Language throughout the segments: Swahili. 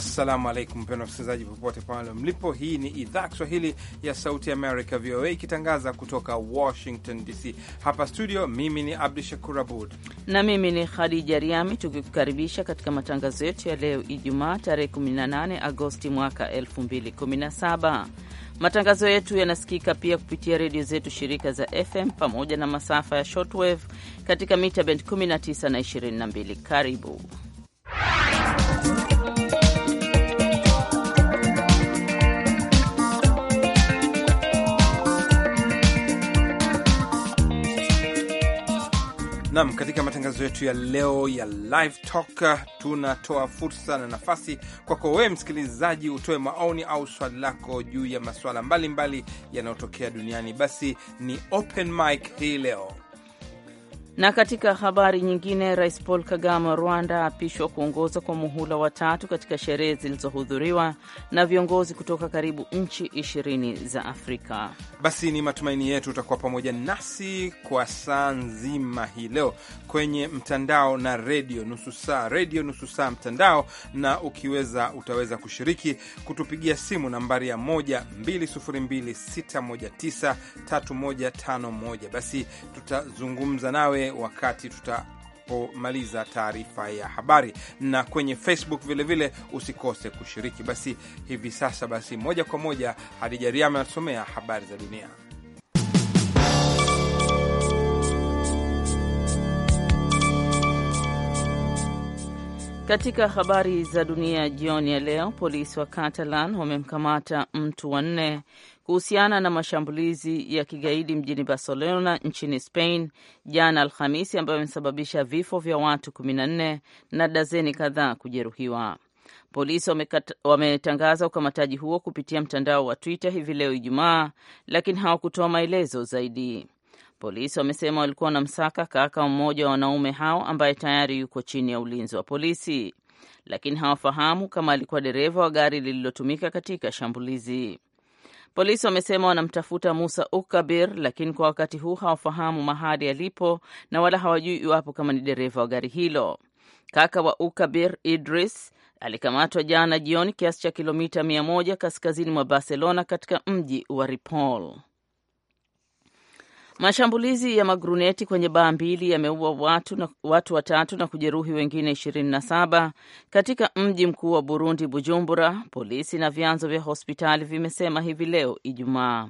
Assalamu alaikum mpendwa msikilizaji, popote pale mlipo. Hii ni idhaa Kiswahili ya Sauti America, VOA, ikitangaza kutoka Washington DC. Hapa studio, mimi ni Abdu Shakur Abud na mimi ni Khadija Riami, tukikukaribisha katika matangazo yetu ya leo Ijumaa, tarehe 18 Agosti mwaka 2017. Matangazo yetu yanasikika pia kupitia redio zetu shirika za FM pamoja na masafa ya shortwave katika mita bend 19 na 22. Karibu Nam, katika matangazo yetu ya leo ya Live Talk tunatoa fursa na nafasi kwako wewe msikilizaji, utoe maoni au swali lako juu ya masuala mbalimbali yanayotokea duniani. Basi ni open mic hii leo. Na katika habari nyingine, Rais Paul Kagame wa Rwanda aapishwa kuongoza kwa muhula wa tatu katika sherehe zilizohudhuriwa na viongozi kutoka karibu nchi ishirini za Afrika. Basi ni matumaini yetu utakuwa pamoja nasi kwa saa nzima hii leo kwenye mtandao na redio nusu saa, redio nusu saa mtandao, na ukiweza utaweza kushiriki kutupigia simu nambari ya 12026193151. Basi tutazungumza nawe wakati wakati maliza taarifa ya habari, na kwenye Facebook vilevile vile usikose kushiriki. Basi hivi sasa, basi moja kwa moja Hadija Riama anasomea habari za dunia. Katika habari za dunia jioni ya leo, polisi wa Catalan wamemkamata mtu wanne kuhusiana na mashambulizi ya kigaidi mjini Barcelona nchini Spain jana Alhamisi, ambayo imesababisha vifo vya watu 14 na dazeni kadhaa kujeruhiwa. Polisi wametangaza ukamataji huo kupitia mtandao wa Twitter hivi leo Ijumaa, lakini hawakutoa maelezo zaidi. Polisi wamesema walikuwa na msaka kaka mmoja wa wanaume hao ambaye tayari yuko chini ya ulinzi wa polisi, lakini hawafahamu kama alikuwa dereva wa gari lililotumika katika shambulizi. Polisi wamesema wanamtafuta Musa Ukabir, lakini kwa wakati huu hawafahamu mahali alipo na wala hawajui iwapo kama ni dereva wa gari hilo. Kaka wa Ukabir, Idris, alikamatwa jana jioni kiasi cha kilomita mia moja kaskazini mwa Barcelona katika mji wa Ripoll. Mashambulizi ya magruneti kwenye baa mbili yameua watu, watu watatu na kujeruhi wengine 27 katika mji mkuu wa Burundi Bujumbura, polisi na vyanzo vya hospitali vimesema hivi leo Ijumaa.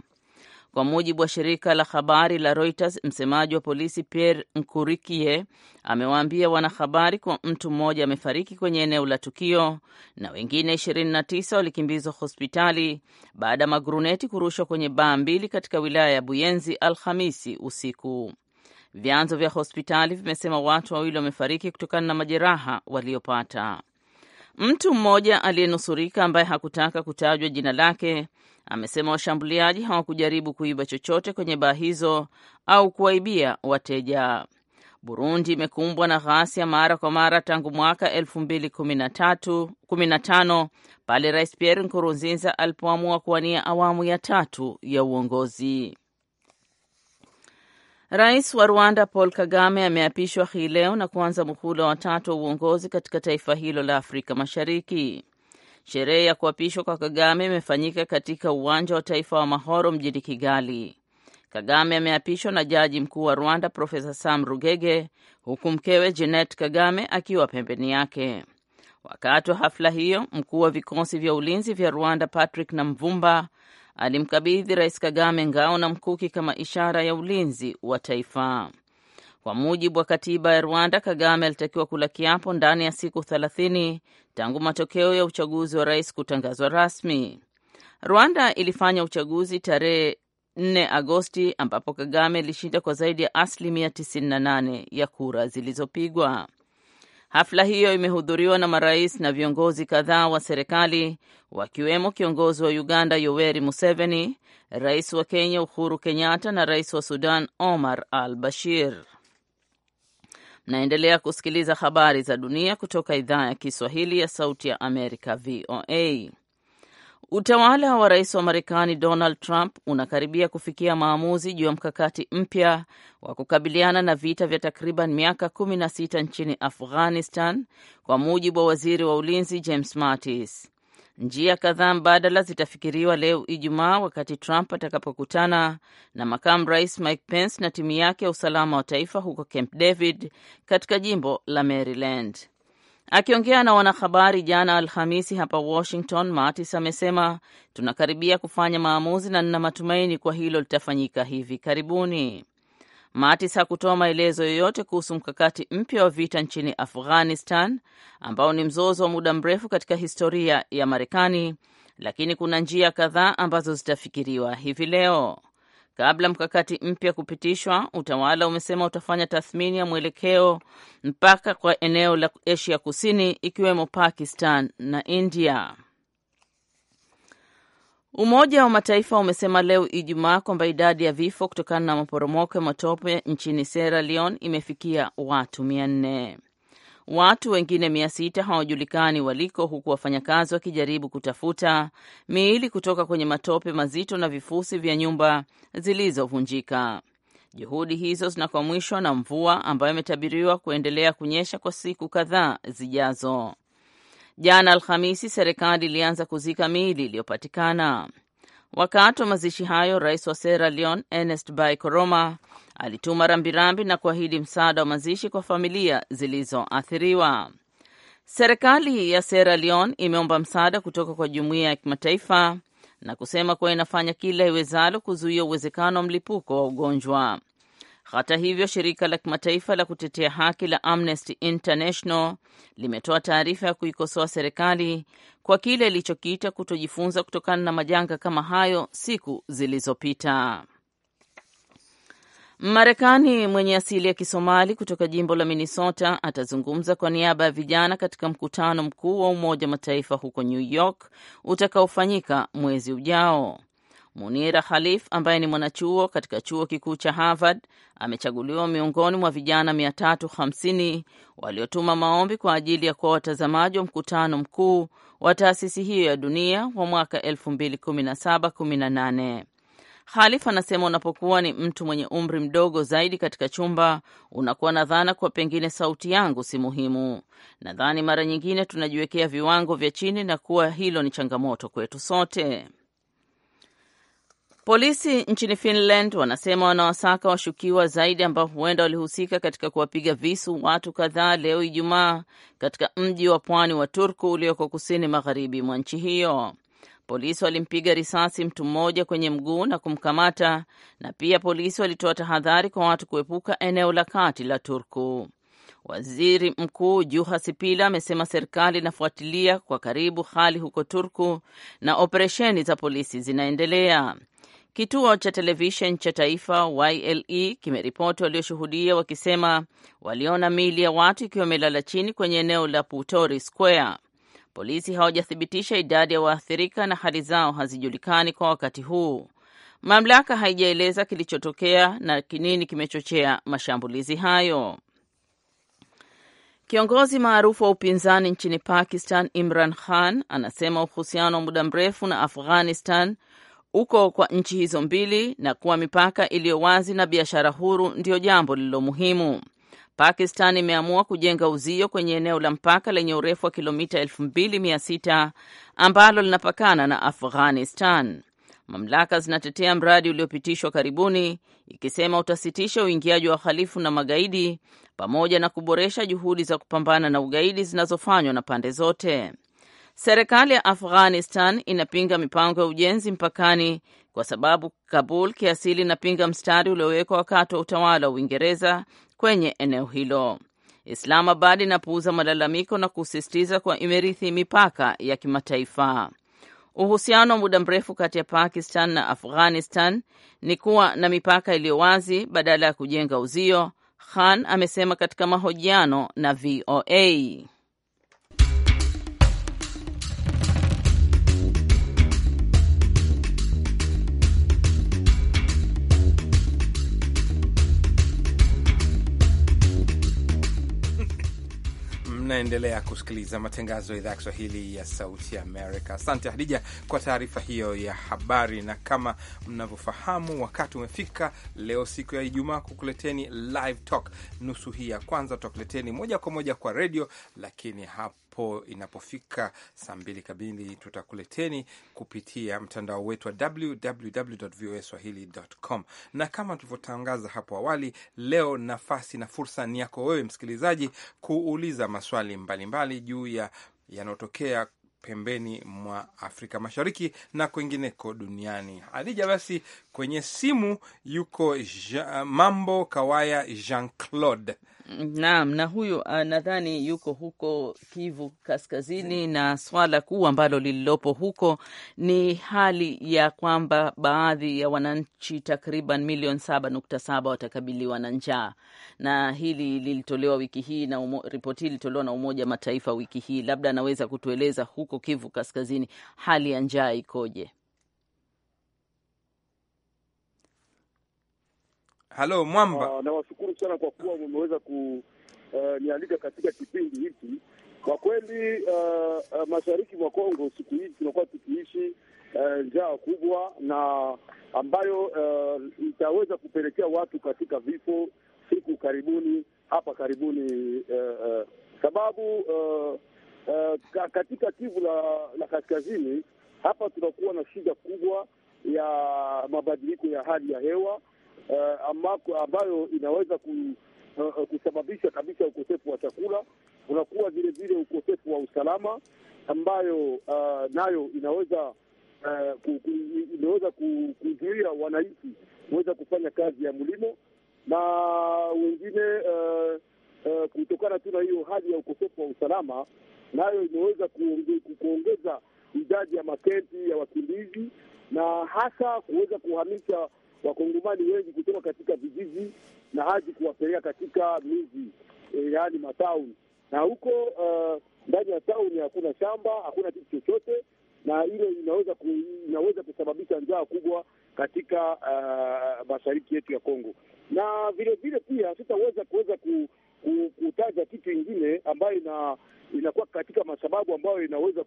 Kwa mujibu wa shirika la habari la Reuters, msemaji wa polisi Pierre Nkurikie amewaambia wanahabari kuwa mtu mmoja amefariki kwenye eneo la tukio na wengine 29 walikimbizwa hospitali baada ya maguruneti kurushwa kwenye baa mbili katika wilaya ya Buyenzi Alhamisi usiku. Vyanzo vya hospitali vimesema watu wawili wamefariki kutokana na majeraha waliopata. Mtu mmoja aliyenusurika ambaye hakutaka kutajwa jina lake amesema washambuliaji hawakujaribu kuiba chochote kwenye baa hizo au kuwaibia wateja. Burundi imekumbwa na ghasia mara kwa mara tangu mwaka 2015 pale Rais Pierre Nkurunziza alipoamua kuwania awamu ya tatu ya uongozi. Rais wa Rwanda Paul Kagame ameapishwa hii leo na kuanza muhula wa tatu wa uongozi katika taifa hilo la Afrika Mashariki. Sherehe ya kuapishwa kwa Kagame imefanyika katika uwanja wa taifa wa Mahoro mjini Kigali. Kagame ameapishwa na jaji mkuu wa Rwanda Profesa Sam Rugege, huku mkewe Jeanette Kagame akiwa pembeni yake. Wakati wa hafla hiyo, mkuu wa vikosi vya ulinzi vya Rwanda Patrick Namvumba alimkabidhi Rais Kagame ngao na mkuki kama ishara ya ulinzi wa taifa. Kwa mujibu wa katiba ya Rwanda, Kagame alitakiwa kula kiapo ndani ya siku 30 tangu matokeo ya uchaguzi wa rais kutangazwa rasmi. Rwanda ilifanya uchaguzi tarehe 4 Agosti ambapo Kagame alishinda kwa zaidi ya asilimia 98 ya kura zilizopigwa. Hafla hiyo imehudhuriwa na marais na viongozi kadhaa wa serikali wakiwemo kiongozi wa Uganda Yoweri Museveni, rais wa Kenya Uhuru Kenyatta na rais wa Sudan Omar al Bashir. Mnaendelea kusikiliza habari za dunia kutoka idhaa ya Kiswahili ya Sauti ya Amerika, VOA. Utawala wa rais wa Marekani Donald Trump unakaribia kufikia maamuzi juu ya mkakati mpya wa kukabiliana na vita vya takriban miaka kumi na sita nchini Afghanistan, kwa mujibu wa waziri wa ulinzi James Mattis. Njia kadhaa mbadala zitafikiriwa leo Ijumaa wakati Trump atakapokutana na makamu rais Mike Pence na timu yake ya usalama wa taifa huko Camp David katika jimbo la Maryland. Akiongea na wanahabari jana Alhamisi hapa Washington, Mattis amesema tunakaribia kufanya maamuzi na nina matumaini kwa hilo litafanyika hivi karibuni. Mattis hakutoa maelezo yoyote kuhusu mkakati mpya wa vita nchini Afghanistan ambao ni mzozo wa muda mrefu katika historia ya Marekani, lakini kuna njia kadhaa ambazo zitafikiriwa hivi leo. Kabla mkakati mpya kupitishwa, utawala umesema utafanya tathmini ya mwelekeo mpaka kwa eneo la Asia Kusini, ikiwemo Pakistan na India. Umoja wa Mataifa umesema leo Ijumaa kwamba idadi ya vifo kutokana na maporomoko ya matope nchini Sierra Leone imefikia watu mia nne. Watu wengine mia sita hawajulikani waliko, huku wafanyakazi wakijaribu kutafuta miili kutoka kwenye matope mazito na vifusi vya nyumba zilizovunjika. Juhudi hizo zinakwamishwa na mvua ambayo imetabiriwa kuendelea kunyesha kwa siku kadhaa zijazo. Jana Alhamisi, serikali ilianza kuzika miili iliyopatikana. Wakati wa mazishi hayo, rais wa Sierra Leone Ernest Bai Koroma alituma rambirambi na kuahidi msaada wa mazishi kwa familia zilizoathiriwa. Serikali ya Sierra Leone imeomba msaada kutoka kwa jumuiya ya kimataifa na kusema kuwa inafanya kila iwezalo kuzuia uwezekano wa mlipuko wa ugonjwa. Hata hivyo, shirika la kimataifa la kutetea haki la Amnesty International limetoa taarifa ya kuikosoa serikali kwa kile ilichokiita kutojifunza kutokana na majanga kama hayo siku zilizopita. Marekani mwenye asili ya Kisomali kutoka jimbo la Minnesota atazungumza kwa niaba ya vijana katika mkutano mkuu wa Umoja wa Mataifa huko New York utakaofanyika mwezi ujao. Munira Khalif ambaye ni mwanachuo katika chuo kikuu cha Harvard amechaguliwa miongoni mwa vijana 350 waliotuma maombi kwa ajili ya kuwa watazamaji wa mkutano mkuu wa taasisi hiyo ya dunia wa mwaka 2017-18. Khalif anasema unapokuwa ni mtu mwenye umri mdogo zaidi katika chumba, unakuwa na dhana kuwa pengine sauti yangu si muhimu. Nadhani mara nyingine tunajiwekea viwango vya chini na kuwa hilo ni changamoto kwetu sote. Polisi nchini Finland wanasema wanawasaka washukiwa zaidi ambao huenda walihusika katika kuwapiga visu watu kadhaa leo Ijumaa katika mji wa pwani wa Turku ulioko kusini magharibi mwa nchi hiyo. Polisi walimpiga risasi mtu mmoja kwenye mguu na kumkamata, na pia polisi walitoa tahadhari kwa watu kuepuka eneo la kati la Turku. Waziri Mkuu Juha Sipila amesema serikali inafuatilia kwa karibu hali huko Turku na operesheni za polisi zinaendelea. Kituo cha televisheni cha taifa YLE kimeripoti walioshuhudia wakisema waliona miili ya watu ikiwa imelala chini kwenye eneo la Putori Square. Polisi hawajathibitisha idadi ya waathirika na hali zao hazijulikani kwa wakati huu. Mamlaka haijaeleza kilichotokea na kinini kimechochea mashambulizi hayo. Kiongozi maarufu wa upinzani nchini Pakistan, Imran Khan, anasema uhusiano wa muda mrefu na Afghanistan uko kwa nchi hizo mbili na kuwa mipaka iliyo wazi na biashara huru ndiyo jambo lililo muhimu. Pakistan imeamua kujenga uzio kwenye eneo la mpaka lenye urefu wa kilomita 2600 ambalo linapakana na Afghanistan. Mamlaka zinatetea mradi uliopitishwa karibuni, ikisema utasitisha uingiaji wa wahalifu na magaidi pamoja na kuboresha juhudi za kupambana na ugaidi zinazofanywa na pande zote. Serikali ya Afghanistan inapinga mipango ya ujenzi mpakani kwa sababu Kabul kiasili inapinga mstari uliowekwa wakati wa utawala wa Uingereza kwenye eneo hilo. Islamabad inapuuza malalamiko na kusisitiza kuwa imerithi mipaka ya kimataifa. Uhusiano wa muda mrefu kati ya Pakistan na Afghanistan ni kuwa na mipaka iliyo wazi badala ya kujenga uzio, Khan amesema katika mahojiano na VOA. Mnaendelea kusikiliza matangazo ya idhaa ya Kiswahili ya Sauti Amerika. Asante Hadija kwa taarifa hiyo ya habari, na kama mnavyofahamu, wakati umefika leo, siku ya Ijumaa, kukuleteni live talk. Nusu hii ya kwanza tutakuleteni moja kwa moja kwa redio, lakini hapa ambapo inapofika saa mbili kamili tutakuleteni kupitia mtandao wetu wa www.voaswahili.com. Na kama tulivyotangaza hapo awali, leo nafasi na fursa ni yako wewe msikilizaji kuuliza maswali mbalimbali mbali juu ya yanayotokea pembeni mwa Afrika Mashariki na kwingineko duniani. Hadija, basi kwenye simu yuko ja, Mambo Kawaya Jean Claude Naam, na huyu ah, nadhani yuko huko Kivu Kaskazini, na swala kuu ambalo lililopo huko ni hali ya kwamba baadhi ya wananchi takriban milioni saba nukta saba watakabiliwa na njaa, na hili lilitolewa wiki hii na umo, ripoti hii ilitolewa na Umoja Mataifa wiki hii. Labda anaweza kutueleza huko Kivu Kaskazini hali ya njaa ikoje? Halo Mwamba. Uh, nawashukuru sana kwa kuwa mmeweza kunialika eh, uh, katika kipindi hiki. Kwa kweli uh, uh, mashariki mwa Kongo siku hizi tunakuwa tukiishi uh, njaa kubwa na ambayo uh, itaweza kupelekea watu katika vifo siku karibuni hapa karibuni uh, uh, sababu uh, uh, katika Kivu la, la kaskazini hapa tunakuwa na shida kubwa ya mabadiliko ya hali ya hewa uh, ambayo inaweza ku, uh, kusababisha kabisa ukosefu wa chakula. Unakuwa vile vile ukosefu wa usalama ambayo uh, nayo inaweza uh, ku, ku, kuzuia wananchi kuweza kufanya kazi ya mlimo na wengine uh, uh, kutokana tu na hiyo hali ya ukosefu wa usalama, nayo imeweza kuongeza idadi ya makenti ya wakimbizi na hasa kuweza kuhamisha wakongomani wengi kutoka katika vijiji na hadi kuwapeleka katika miji e, yaani matauni, na huko e, ndani uh, ya tauni hakuna shamba, hakuna kitu chochote, na ile inaweza ku, inaweza kusababisha njaa kubwa katika uh, mashariki yetu ya Kongo, na vilevile pia sitaweza kuweza ku kutaja kitu ingine ambayo ina inakuwa katika masababu ambayo inaweza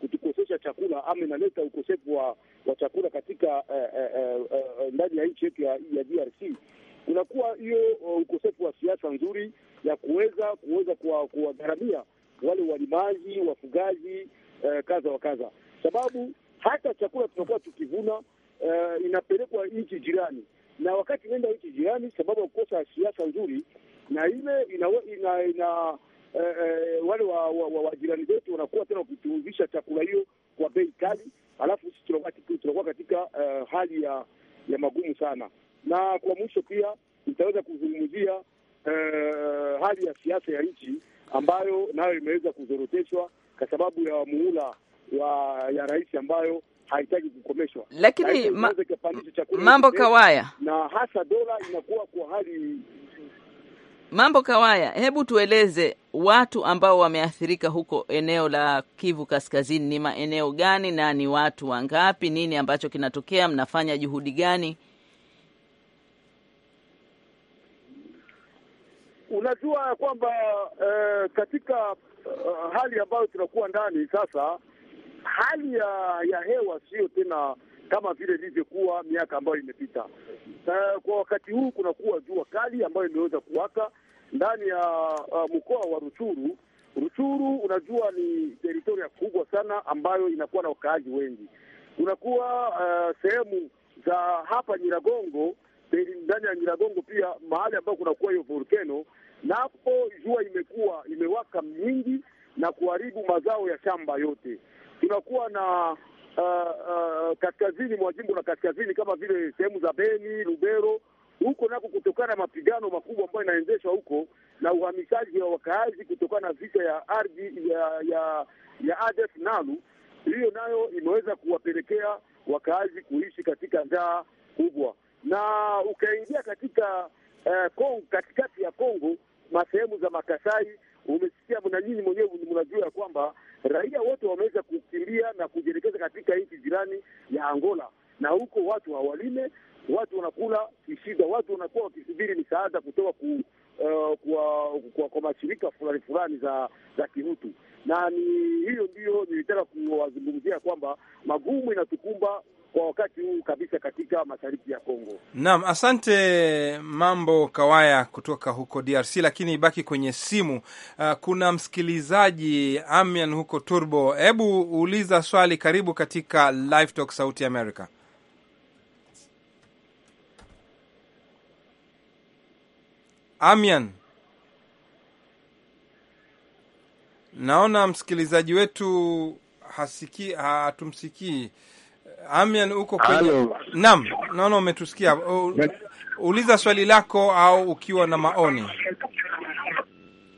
kutukosesha chakula ama inaleta ukosefu wa, wa chakula katika eh, eh, eh, eh ndani ya nchi yetu ya, ya DRC kunakuwa hiyo uh, ukosefu wa siasa nzuri ya kuweza kuweza kuwagharamia wale walimaji wafugaji eh, kadha wa kadha, sababu hata chakula tunakuwa tukivuna eh, inapelekwa nchi jirani, na wakati inaenda nchi jirani sababu ya kukosa siasa nzuri na ile ina, ina, ina eh, eh, wale wajirani wetu wanakuwa tena wakituuzisha chakula hiyo kwa bei kali, alafu sisi tunakuwa katika eh, hali ya ya magumu sana. Na kwa mwisho pia nitaweza kuzungumzia eh, hali ya siasa ya nchi ambayo nayo imeweza kuzoroteshwa kwa sababu ya muhula wa ya rais ambayo haitaki kukomeshwa, lakini ma, mambo kawaya, na hasa dola inakuwa kwa hali Mambo Kawaya, hebu tueleze watu ambao wameathirika huko eneo la Kivu Kaskazini, ni maeneo gani na ni watu wangapi? Nini ambacho kinatokea? Mnafanya juhudi gani? Unajua ya kwamba eh, katika uh, hali ambayo tunakuwa ndani sasa, hali ya, ya hewa siyo tena kama vile ilivyokuwa miaka ambayo imepita. kwa wakati huu kunakuwa jua kali ambayo imeweza kuwaka ndani ya uh, mkoa wa Ruchuru. Ruchuru unajua ni teritoria kubwa sana ambayo inakuwa na wakaaji wengi. Kunakuwa uh, sehemu za hapa Nyiragongo, ndani ya Nyiragongo pia mahali ambayo kunakuwa hiyo volcano, napo jua imekuwa imewaka mingi na kuharibu mazao ya shamba yote. Tunakuwa na uh, uh, kaskazini mwa jimbo la kaskazini kama vile sehemu za Beni, Lubero huko nako kutokana na mapigano makubwa ambayo inaendeshwa huko na uhamishaji wa wakaazi kutokana na vita ya ardhi ya ya, ya ADF NALU, hiyo nayo imeweza kuwapelekea wakaazi kuishi katika njaa kubwa, na ukaingia katika eh, Kong, katikati ya Kongo masehemu za Makasai, umesikia na nyinyi mwenyewe mnajua ya kwamba raia wote wameweza kukimbia na kujielekeza katika nchi jirani ya Angola, na huko watu hawalime, watu wanakula kishida, watu wanakuwa wakisubiri misaada kutoka ku eh, kwa, kwa, kwa mashirika fulani fulani za za kihutu, na ni hiyo ndiyo nilitaka kuwazungumzia kwamba magumu inatukumba kwa wakati huu kabisa katika mashariki ya Kongo. Naam, asante Mambo Kawaya kutoka huko DRC, lakini ibaki kwenye simu. Uh, kuna msikilizaji Amian huko Turbo, hebu uliza swali. Karibu katika Live Talk Sauti America. Amian, naona msikilizaji wetu hasikii, hatumsikii. Amian, uko kwenye... Naam, naona umetusikia. Uliza swali lako au ukiwa na maoni.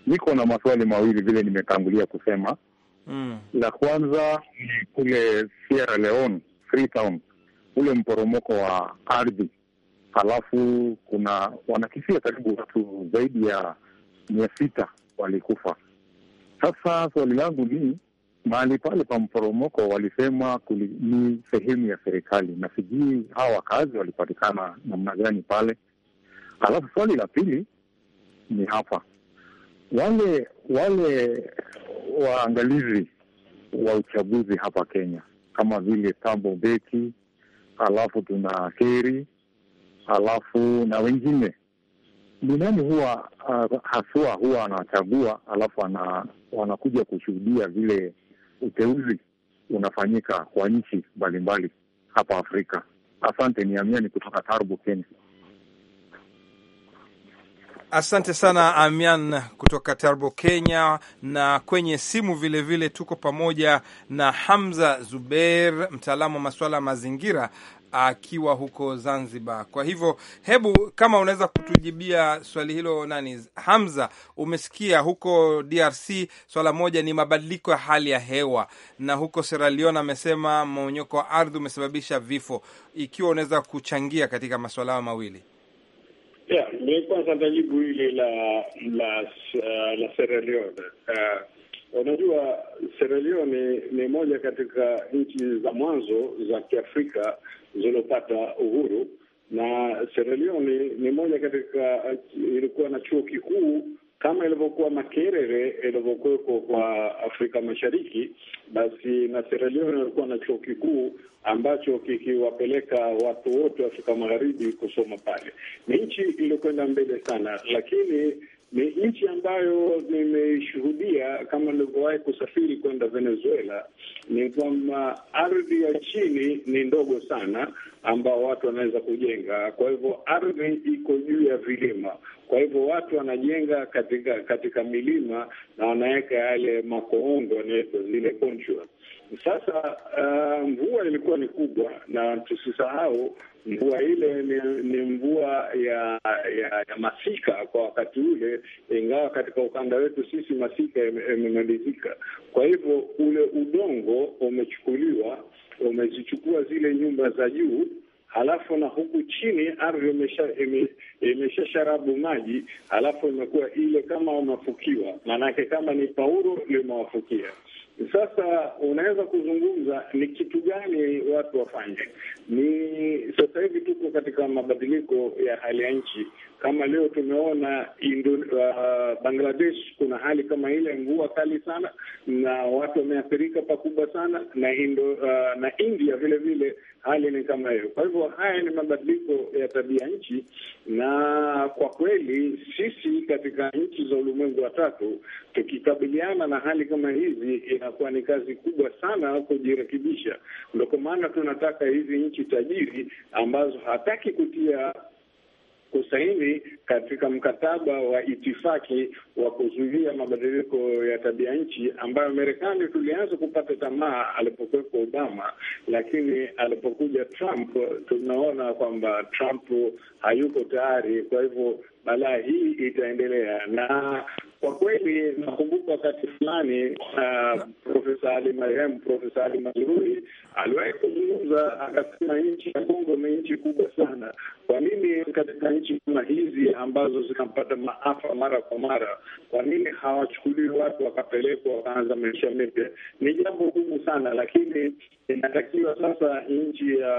Niko na maswali mawili vile nimetangulia kusema mm. La kwanza ni kule Sierra Leone Freetown, ule mporomoko wa ardhi, halafu kuna wanakisia karibu watu zaidi ya mia sita walikufa. Sasa swali langu ni mahali pale pa mporomoko walisema ni sehemu ya serikali, na sijui hawa wakazi walipatikana namna gani pale. Alafu swali la pili ni hapa, wale wale waangalizi wa uchaguzi hapa Kenya kama vile tambo beki alafu tuna keri alafu na wengine ni nani huwa uh, haswa huwa anachagua, alafu ana, wanakuja kushuhudia vile uteuzi unafanyika kwa nchi mbalimbali hapa Afrika. Asante, ni Amiani kutoka Tarbo, Kenya. Asante sana Amian kutoka Tarbo, Kenya. Na kwenye simu vilevile vile tuko pamoja na Hamza Zubeir, mtaalamu wa masuala ya mazingira akiwa huko Zanzibar. Kwa hivyo, hebu kama unaweza kutujibia swali hilo, nani Hamza, umesikia huko DRC swala moja ni mabadiliko ya hali ya hewa, na huko Sierra Leone amesema mmonyoko wa ardhi umesababisha vifo. Ikiwa unaweza kuchangia katika masuala hayo mawili. Yeah, kwanza nitajibu ile la la, uh, la Sierra Leone uh, Unajua, Sierra Leone ni moja katika nchi za mwanzo za Kiafrika zilizopata uhuru, na Sierra Leone ni moja katika, ilikuwa na chuo kikuu kama ilivyokuwa Makerere ilivyokuwepo kwa Afrika Mashariki, basi na Sierra Leone ilikuwa na chuo kikuu ambacho kikiwapeleka watu wote wa Afrika Magharibi kusoma pale. Ni nchi iliyokwenda mbele sana, lakini ni nchi ambayo nimeishuhudia kama nilivyowahi kusafiri kwenda Venezuela, ni kwamba ardhi ya chini ni ndogo sana, ambao watu wanaweza kujenga. Kwa hivyo ardhi iko juu ya vilima, kwa hivyo watu wanajenga katika katika milima na wanaweka yale makoongo, wanaweka zile Sasa uh, mvua ilikuwa ni kubwa, na tusisahau Mvua ile ni, ni mvua ya, ya ya masika kwa wakati ule, ingawa katika ukanda wetu sisi masika imemalizika. Kwa hivyo ule udongo umechukuliwa, umezichukua zile nyumba za juu halafu na huku chini ardhi imesha sharabu maji, halafu imekuwa ile kama wamefukiwa, maanake kama ni pauro limewafukia. Sasa unaweza kuzungumza ni kitu gani watu wafanye? Ni sasa hivi tuko katika mabadiliko ya hali ya nchi. Kama leo tumeona Indo, uh, Bangladesh kuna hali kama ile, mvua kali sana na watu wameathirika pakubwa sana na Indo, uh, na India vile vile hali ni kama hiyo. Kwa hivyo haya ni mabadiliko ya tabia nchi, na kwa kweli sisi katika nchi za ulimwengu wa tatu tukikabiliana na hali kama hizi, inakuwa ni kazi kubwa sana kujirekebisha. Ndio kwa maana tunataka hizi nchi tajiri ambazo hataki kutia kusaini katika mkataba wa itifaki wa kuzuia mabadiliko ya tabia nchi, ambayo Marekani tulianza kupata tamaa alipokuwepo Obama, lakini alipokuja Trump tunaona kwamba Trump hayuko tayari. Kwa hivyo balaa hii itaendelea. Na kwa kweli nakumbuka wakati fulani uh, Profesa Ali marehemu Profesa Ali Mazrui aliwahi kuzungumza akasema, nchi ya Kongo ni nchi kubwa sana. Kwa nini katika nchi kama hizi ambazo zinapata maafa mara kwa mara, kwa nini hawachukuliwi watu wakapelekwa wakaanza maisha mipya? Ni jambo gumu sana, lakini inatakiwa sasa nchi ya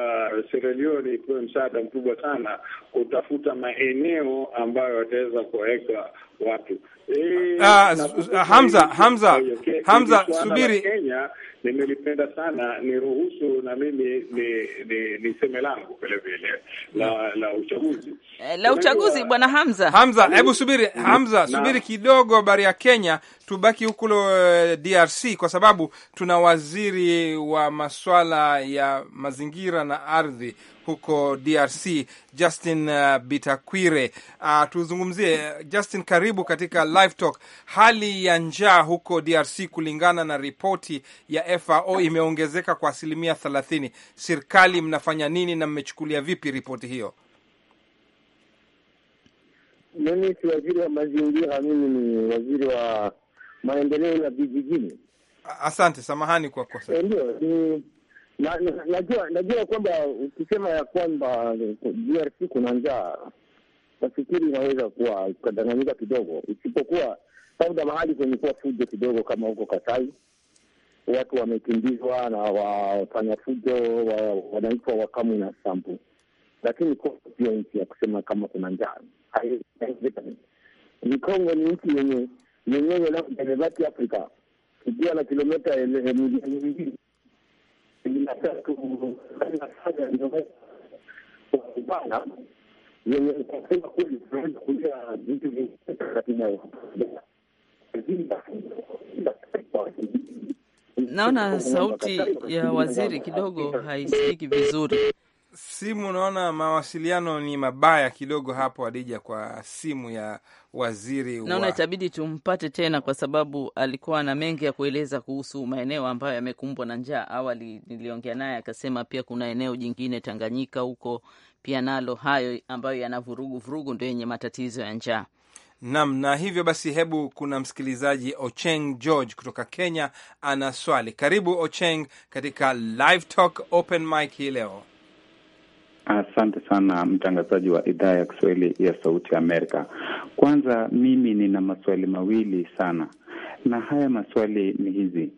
Sierra Leone ipewe msaada mkubwa sana kutafuta maeneo ambayo wataweza kuwaweka watu e, uh, na, Hamza na, Hamza okay, Hamza subiri. Kenya nimelipenda sana, niruhusu na mimi ni, ni, ni seme langu vile vile la la uchaguzi eh, la uchaguzi. Bwana Hamza Hamza, hebu subiri Hamza na, subiri kidogo, habari ya Kenya tubaki huko eh, DRC kwa sababu tuna waziri wa masuala ya mazingira na ardhi huko DRC, Justin uh, Bitakwire. Uh, tuzungumzie uh, Justin, karibu katika Live Talk. Hali ya njaa huko DRC kulingana na ripoti ya FAO imeongezeka kwa asilimia thelathini. Serikali mnafanya nini na mmechukulia vipi ripoti hiyo? Mimi si waziri wa mazingira, mimi ni waziri wa maendeleo ya vijijini. Asante, samahani kwa kosa. Eh, ndio ni na, na, najua najua kwamba ukisema ya kwamba DRC kuna njaa, nafikiri inaweza kuwa ukadanganyika kidogo, isipokuwa labda mahali kumekuwa fujo kidogo, kama huko Kasai watu wamekimbizwa na wafanya fujo wanaitwa wakamu na sambu, lakini Kongo sio nchi ya kusema kama kuna njaa. Kongo ni nchi yenye yenyewe labda imebaki Afrika ikiwa na kilometa milioni mbili sabini na tatu sabini na saba yenye kweli kulia vitu vingine Naona sauti ya waziri kidogo haisikiki vizuri simu naona mawasiliano ni mabaya kidogo hapo, Adija, kwa simu ya waziri naona wa... itabidi tumpate tena, kwa sababu alikuwa na mengi ya kueleza kuhusu maeneo ambayo yamekumbwa na njaa. Awali niliongea naye akasema pia kuna eneo jingine Tanganyika huko pia nalo hayo ambayo yana vurugu vurugu ndio yenye matatizo ya njaa. Naam, na hivyo basi, hebu kuna msikilizaji Ocheng George kutoka Kenya ana swali. Karibu Ocheng katika Live Talk Open Mic hii leo. Asante sana mtangazaji wa idhaa ya Kiswahili ya Sauti ya Amerika. Kwanza mimi nina maswali mawili sana, na haya maswali ni hizi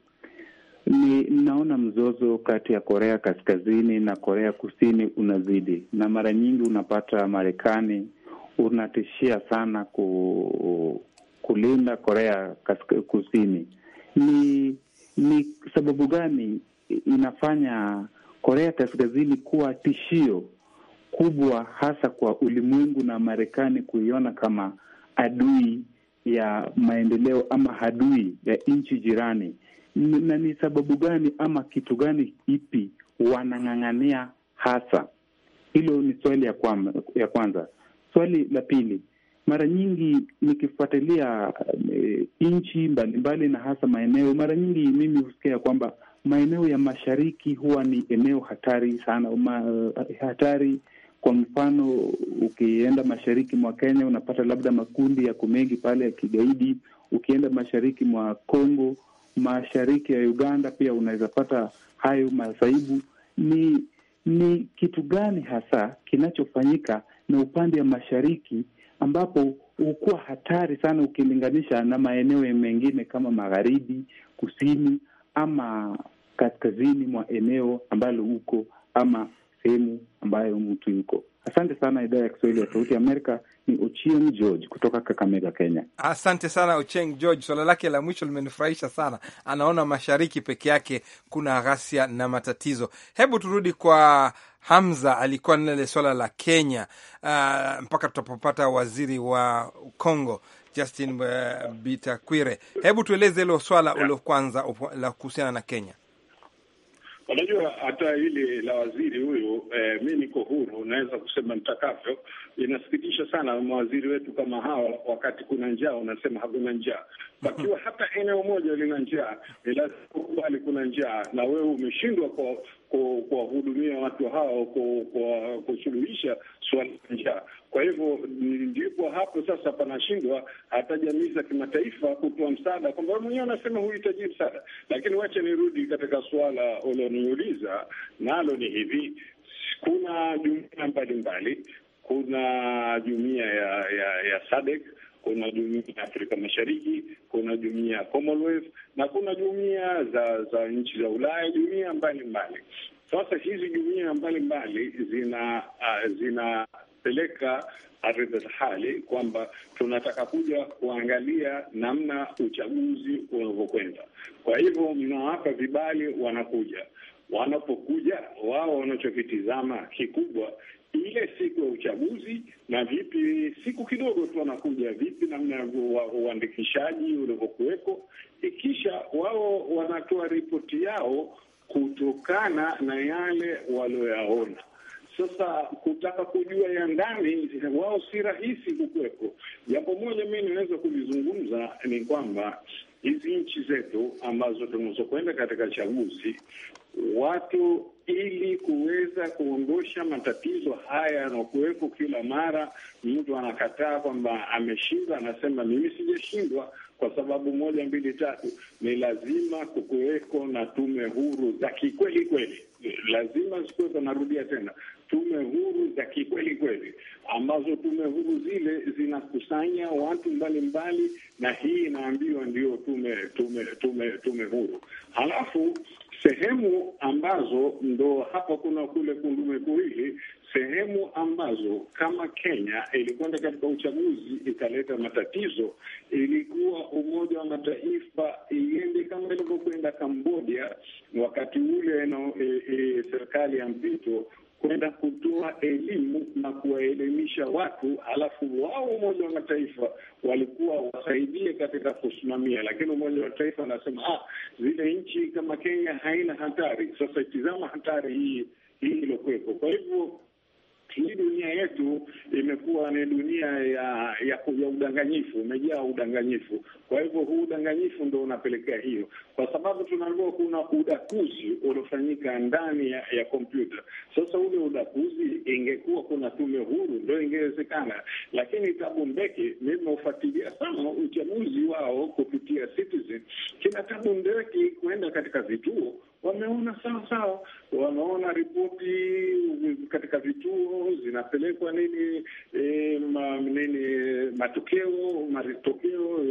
ni naona mzozo kati ya Korea Kaskazini na Korea Kusini unazidi, na mara nyingi unapata Marekani unatishia sana ku, kulinda Korea Kusini. Ni ni sababu gani inafanya Korea Kaskazini kuwa tishio kubwa, hasa kwa ulimwengu na Marekani kuiona kama adui ya maendeleo ama adui ya nchi jirani, na ni sababu gani ama kitu gani ipi wanang'ang'ania hasa? Hilo ni swali ya, ya kwanza. Swali la pili, mara nyingi nikifuatilia e, nchi mbalimbali na hasa maeneo, mara nyingi mimi husikia ya kwamba maeneo ya mashariki huwa ni eneo hatari sana, ma, eh, hatari kwa mfano, ukienda mashariki mwa Kenya unapata labda makundi yako mengi pale ya kigaidi. Ukienda mashariki mwa Kongo, mashariki ya Uganda pia unaweza pata hayo masaibu. Ni ni kitu gani hasa kinachofanyika na upande wa mashariki ambapo hukuwa hatari sana ukilinganisha na maeneo mengine kama magharibi, kusini ama kaskazini mwa eneo ambalo huko ama sehemu ambayo mtu yuko. Asante sana idhaa ya Kiswahili ya Sauti Amerika. Ni Ochieng George kutoka Kakamega, Kenya. Asante sana Ochieng George, swala lake la mwisho limenifurahisha sana. Anaona mashariki peke yake kuna ghasia na matatizo. Hebu turudi kwa Hamza, alikuwa nile swala la Kenya. Uh, mpaka tutapopata waziri wa congo Justin uh, Bitakwire, hebu tueleze hilo swala ulio kwanza la kuhusiana na Kenya. Unajua, hata hili la waziri huyu eh, mi niko huru, naweza kusema mtakavyo. Inasikitisha sana mawaziri wetu kama hawa, wakati kuna njaa unasema hakuna njaa. wakiwa hata eneo moja lina njaa, ni lazima ukubali kuna njaa, na wewe umeshindwa kuwahudumia watu hao, kusuluhisha suala la njaa. Kwa hivyo ndipo hapo sasa panashindwa hata jamii za kimataifa kutoa msaada, kwamba we mwenyewe anasema huhitaji msaada. Lakini wacha nirudi katika suala ulioniuliza nalo, ni hivi, kuna jumuia mbalimbali, kuna jumuia ya, ya, ya SADC kuna jumuia ya Afrika Mashariki, kuna jumuia ya Commonwealth na kuna jumuia za za nchi za Ulaya, jumuia mbalimbali. Sasa hizi jumuia mbalimbali zina uh, zina kupeleka za hali kwamba tunataka kuja kuangalia namna uchaguzi unavyokwenda. Kwa hivyo mnawapa vibali, wanakuja. Wanapokuja wao wanachokitizama kikubwa ile siku ya uchaguzi, na vipi siku kidogo tu wanakuja vipi, namna ya uandikishaji ulivyokuweko. Ikisha wao wanatoa ripoti yao kutokana na yale walioyaona sasa kutaka kujua ya ndani, wao si rahisi kukuwepo. Jambo moja mi naweza kulizungumza ni kwamba hizi nchi zetu ambazo tunazokwenda katika chaguzi, watu ili kuweza kuondosha matatizo haya yanakuwepo kila mara, mtu anakataa kwamba ameshindwa anasema mimi sijashindwa kwa sababu moja mbili tatu. Ni lazima kukuweko na tume huru za kikweli kweli, lazima zikuweko. Narudia tena, tume huru za kikweli kweli, ambazo tume huru zile zinakusanya watu mbalimbali mbali, na hii inaambiwa ndio tume tume tume tume huru, halafu sehemu ambazo ndo hapa kuna kule kundume kuwili, sehemu ambazo kama Kenya ilikwenda katika uchaguzi ikaleta matatizo, ilikuwa Umoja wa Mataifa iende kama ilivyokwenda Kambodia wakati ule no, e, e, serikali ya mpito kwenda kutoa elimu na kuwaelimisha watu, alafu wao Umoja wa Mataifa walikuwa wasaidie katika kusimamia, lakini Umoja wa Mataifa anasema ah, zile nchi kama Kenya haina hatari. Sasa itizama hatari hii hii iliokuwepo. Kwa hivyo hii dunia yetu imekuwa ni dunia ya ya, ya udanganyifu, imejaa udanganyifu. Kwa hivyo huu udanganyifu ndo unapelekea hiyo, kwa sababu tunaambiwa kuna udakuzi uliofanyika ndani ya, ya kompyuta. Sasa ule udakuzi, ingekuwa kuna tume huru ndo ingewezekana, lakini tabu Mbeki, mimi naufuatilia sana uchaguzi wao kupitia Citizen, kina tabu Mbeki kwenda katika vituo wameona sawa sawa, wanaona ripoti katika vituo zinapelekwa nini, e, ma, nini matokeo matokeo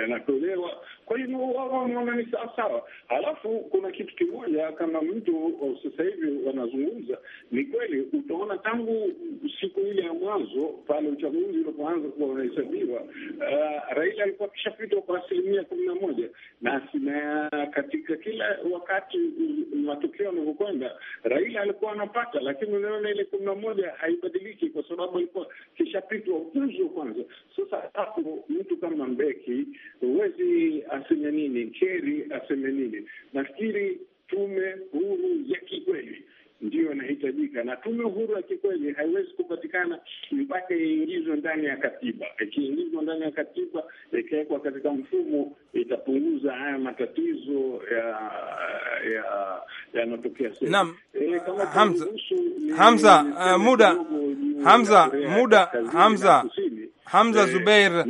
yanatolewa ya, ya kwa hivyo wao wanaona ni sawa sawa. Halafu kuna kitu kimoja, kama mtu oh, sasa hivi wanazungumza, ni kweli, utaona tangu siku ile ya mwanzo pale uchaguzi ulipoanza kuwa unahesabiwa, uh, Raila alikuwa akishapitwa kwa asilimia kumi na moja na sina, katika kila wakati matokeo yanavyokwenda, Raila alikuwa anapata, lakini unaona ile kumi na moja haibadiliki kwa sababu alikuwa kishapitwa uzo kwanza. Sasa hapo mtu kama Mbeki huwezi aseme nini, kheri aseme nini. Nafikiri tume huru ya kikweli ndiyo inahitajika, na tume huru ya kikweli haiwezi kupatikana mpaka iingizwe ndani ya katiba. Ikiingizwa ndani ya katiba, ikawekwa katika mfumo, itapunguza haya matatizo yanatokea ya, ya naam. E, Hamza, Hamza, uh, muda Hamza, muda Hamza Hamza eh, Zubeir,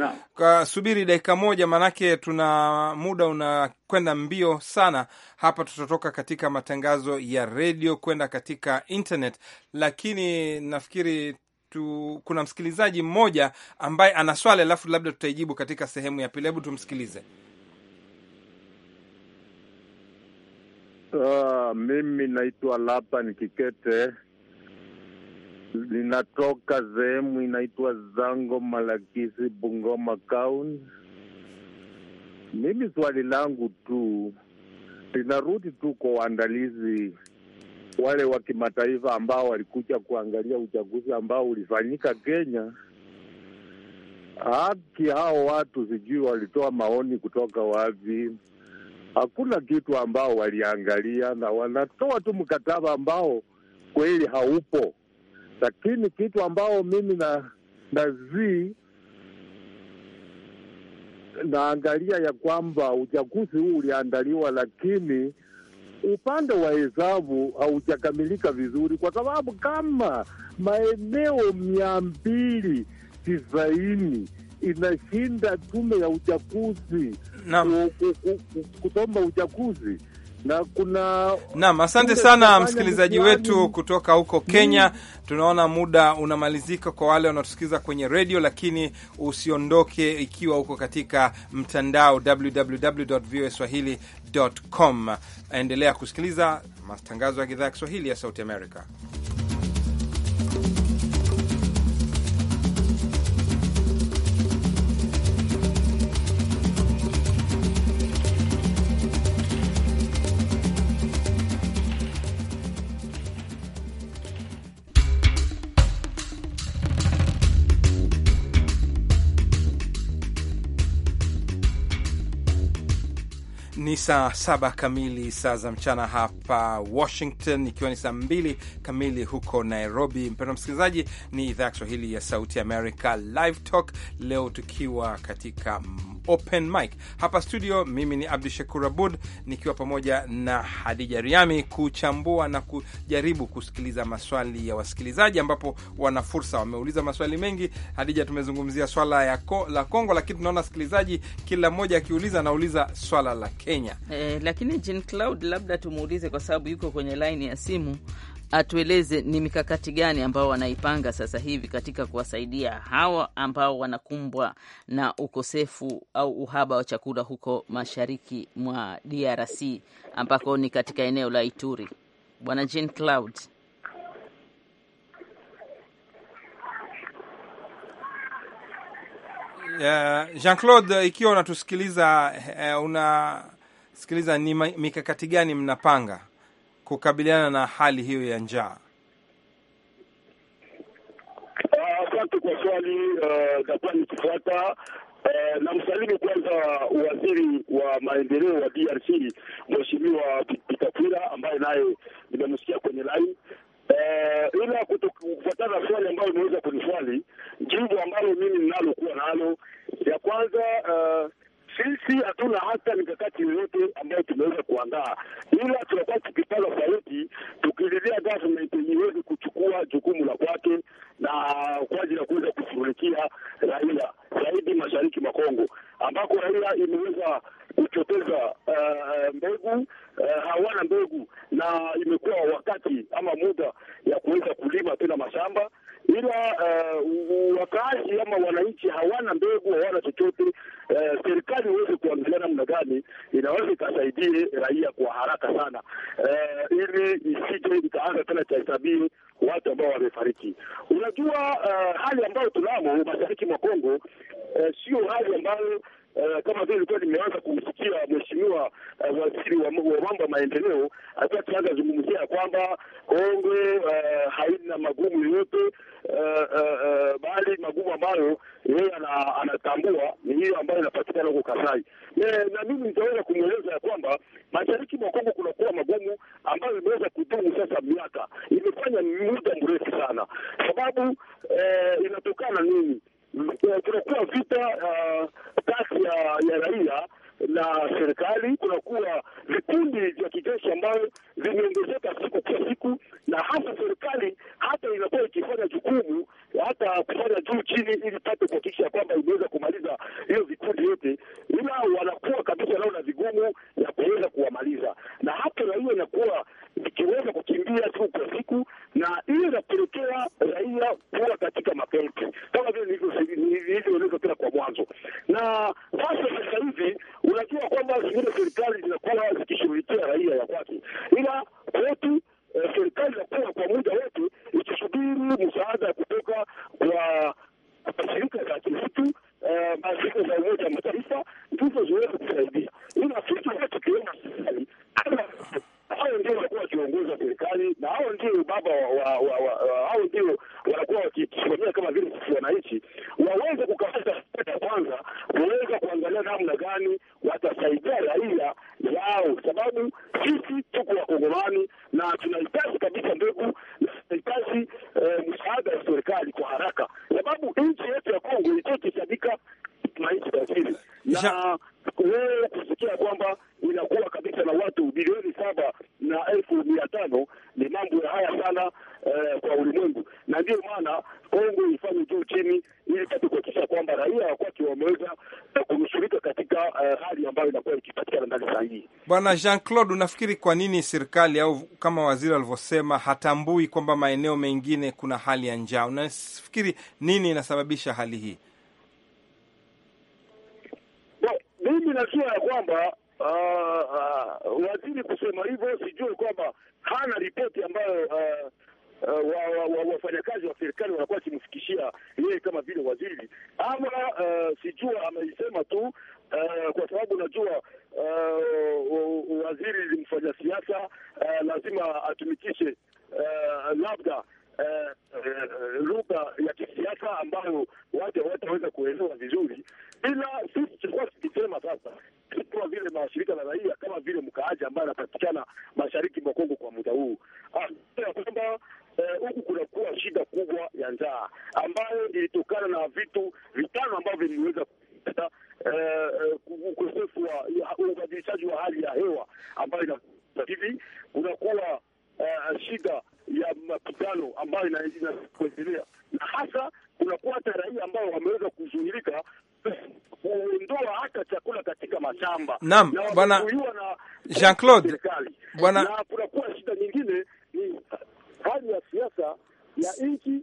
subiri dakika moja, maanake tuna muda una kwenda mbio sana hapa. Tutatoka katika matangazo ya redio kwenda katika internet, lakini nafikiri tu, kuna msikilizaji mmoja ambaye ana swali, alafu labda tutaijibu katika sehemu ya pili. Hebu tumsikilize. Uh, mimi naitwa ni Kikete, ninatoka sehemu inaitwa Zango Malakisi, Bungoma Kaunti. Mimi swali langu tu linarudi tu kwa waandalizi wale wa kimataifa ambao walikuja kuangalia uchaguzi ambao ulifanyika Kenya. Haki hao watu sijui walitoa maoni kutoka wapi, hakuna kitu ambao waliangalia, na wanatoa tu mkataba ambao kweli haupo. Lakini kitu ambao mimi na nazii naangalia ya kwamba uchaguzi huu uliandaliwa, lakini upande wa hesabu haujakamilika vizuri, kwa sababu kama maeneo mia mbili tisaini inashinda tume ya uchaguzi kusoma uchaguzi na kuna naam. Asante sana msikilizaji wetu kutoka huko hmm. Kenya. Tunaona muda unamalizika kwa wale wanaotusikiliza kwenye redio, lakini usiondoke ikiwa huko katika mtandao www.voaswahili.com. Endelea kusikiliza matangazo ya idhaa ya Kiswahili ya Sauti Amerika. Ni saa saba kamili saa za mchana hapa Washington, ikiwa ni saa mbili kamili huko Nairobi. Mpendwa msikilizaji, ni idhaa ya Kiswahili ya Sauti Amerika, Live Talk, leo tukiwa katika open mic hapa studio. Mimi ni Abdu Shakur Abud nikiwa pamoja na Hadija Riami kuchambua na kujaribu kusikiliza maswali ya wasikilizaji, ambapo wana fursa, wameuliza maswali mengi. Hadija, tumezungumzia swala ya ko, la Kongo, lakini tunaona wasikilizaji kila mmoja akiuliza anauliza swala la Kenya. Eh, lakini Jean Claude labda tumuulize kwa sababu yuko kwenye laini ya simu atueleze ni mikakati gani ambao wanaipanga sasa hivi katika kuwasaidia hawa ambao wanakumbwa na ukosefu au uhaba wa chakula huko mashariki mwa DRC ambako ni katika eneo la Ituri. Bwana Jean Cloud. Uh, eh, Jean Claude, ikiwa unatusikiliza uh, unasikiliza ni mikakati gani mnapanga? kukabiliana na hali hiyo ya njaa? Asante kwa swali. Eh, Takuwa nikifuata eh, na msalimu kwanza waziri wa maendeleo wa DRC Mheshimiwa Pitakwira ambaye naye nimemsikia kwenye line. Uh, ila kufuatana na swali ambayo imeweza kuniswali, jibu ambalo mimi ninalokuwa nalo ya kwanza uh, sisi hatuna hata mikakati yoyote ambayo tumeweza kuandaa, ila tunakuwa tukipaza sauti tukililia government iweze kuchukua jukumu la kwake na kwa ajili ya kuweza kushughulikia raia zaidi mashariki mwa Kongo ambako raia imeweza kuchoteza uh, mbegu uh, hawana mbegu, na imekuwa wakati ama muda ya kuweza kulima tena mashamba ila eh, uh, wakazi ama wananchi hawana mbegu, hawana chochote. Uh, serikali iweze kuangalia namna gani inaweza ikasaidie raia kwa haraka sana, uh, ili isije ikaanza tena chahesabii watu ambao wamefariki. Unajua, uh, hali ambayo tunamo mashariki mwa Kongo uh, sio hali ambayo Uh, kama vile ilikuwa nimeanza kumsikia mheshimiwa uh, waziri wa, wa mambo ya maendeleo akiwa tunaanza zungumzia kwamba Kongo uh, eh, haina magumu yoyote uh, uh, bali magumu ambayo yeye anatambua ni hiyo ambayo inapatikana huko Kasai, na mimi nitaweza kumweleza ya kwamba mashariki mwa Kongo kunakuwa magumu ambayo imeweza kudumu sasa miaka, imefanya muda mrefu sana. Sababu uh, inatokana nini? Mm, kunakuwa vita uh, kati ya, ya raia na serikali. Kunakuwa vikundi vya kijeshi ambayo vimeongezeka siku kwa siku, na hasa serikali hata inakuwa ikifanya jukumu hata kufanya juu chini, ili pate kuhakikisha kwamba imeweza kumaliza hiyo vikundi yote, ila wanakuwa kabisa nao na vigumu ya kuweza kuwamaliza, na hapo raia inakuwa ikiweza kukimbia siku kwa siku, na hiyo inapelekea raia kuwa katika mapenzi kama vile nilivyoeleza tena kwa mwanzo. Na sasa sasa hivi unajua kwamba zingine serikali zinakuwa zikishughulikia raia ya kwake, ila kwetu Eh, serikali ya kuwa kwa muda wote ikisubiri msaada kutoka kwa mashirika za kisitu eh, mashirika za Umoja wa Mataifa ndizo ziweze kusaidia. Inaficha tukiona serikali hao ndio walikuwa wakiongoza serikali na hao ndio baba hao ndio wanakuwa wakisimamia kama vile sisi wananchi, waweze kukamata ya kwanza kuweza kuangalia namna gani watasaidia raia yao, sababu sisi tuko wakongomani na tunahitaji kabisa ndugu, na tunahitaji eh, msaada wa serikali kwa haraka, sababu nchi yetu ya Kongo ilikuwa ikisadika maisha tajiri na wewe kusikia kwamba inakuwa kabisa na watu bilioni saba na elfu mia tano ni mambo ya haya sana eh, kwa ulimwengu, na ndiyo maana Kongo ifanye juu chini ili ipate kuhakikisha kwamba raia wakwake wameweza kunusurika katika uh, hali ambayo inakuwa ikipatikana ndani saa hii. Bwana Jean Claude, unafikiri kwa nini serikali au kama waziri alivyosema hatambui kwamba maeneo mengine kuna hali ya njaa? Unafikiri nini inasababisha hali hii? Mimi najua ya kwamba uh, uh, waziri kusema hivyo, sijui kwamba hana ripoti ambayo uh, ah, wafanyakazi wa, wa, wa serikali wanakuwa wakimfikishia yeye kama vile waziri ama uh, sijua ameisema tu uh, kwa sababu unajua uh, eh, waziri ni mfanya siasa uh, lazima atumikishe uh, labda uh, uh, lugha ya kisiasa ambayo watu hawataweza kuelewa vizuri, ila sisi tulikuwa tukisema sasa kama vile mashirika la raia kama vile mkaaji ambaye anapatikana mashariki mwa Kongo kwa muda huu ah, ya kwamba huku uh, kunakuwa shida kubwa ya njaa ambayo ilitokana na vitu vitano ambavyo viliweza kuleta Eh, eh, ukosefu wa ubadilishaji wa hali ya hewa ambayo ina hivi kunakuwa uh, shida ya mapigano ambayo inakuendelea, na hasa kunakuwa hata raia ambao wameweza kuzuilika kuondoa hata chakula katika mashamba. Naam, bwana Jean Claude, bwana, na kunakuwa shida nyingine ni hali ya siasa ya nchi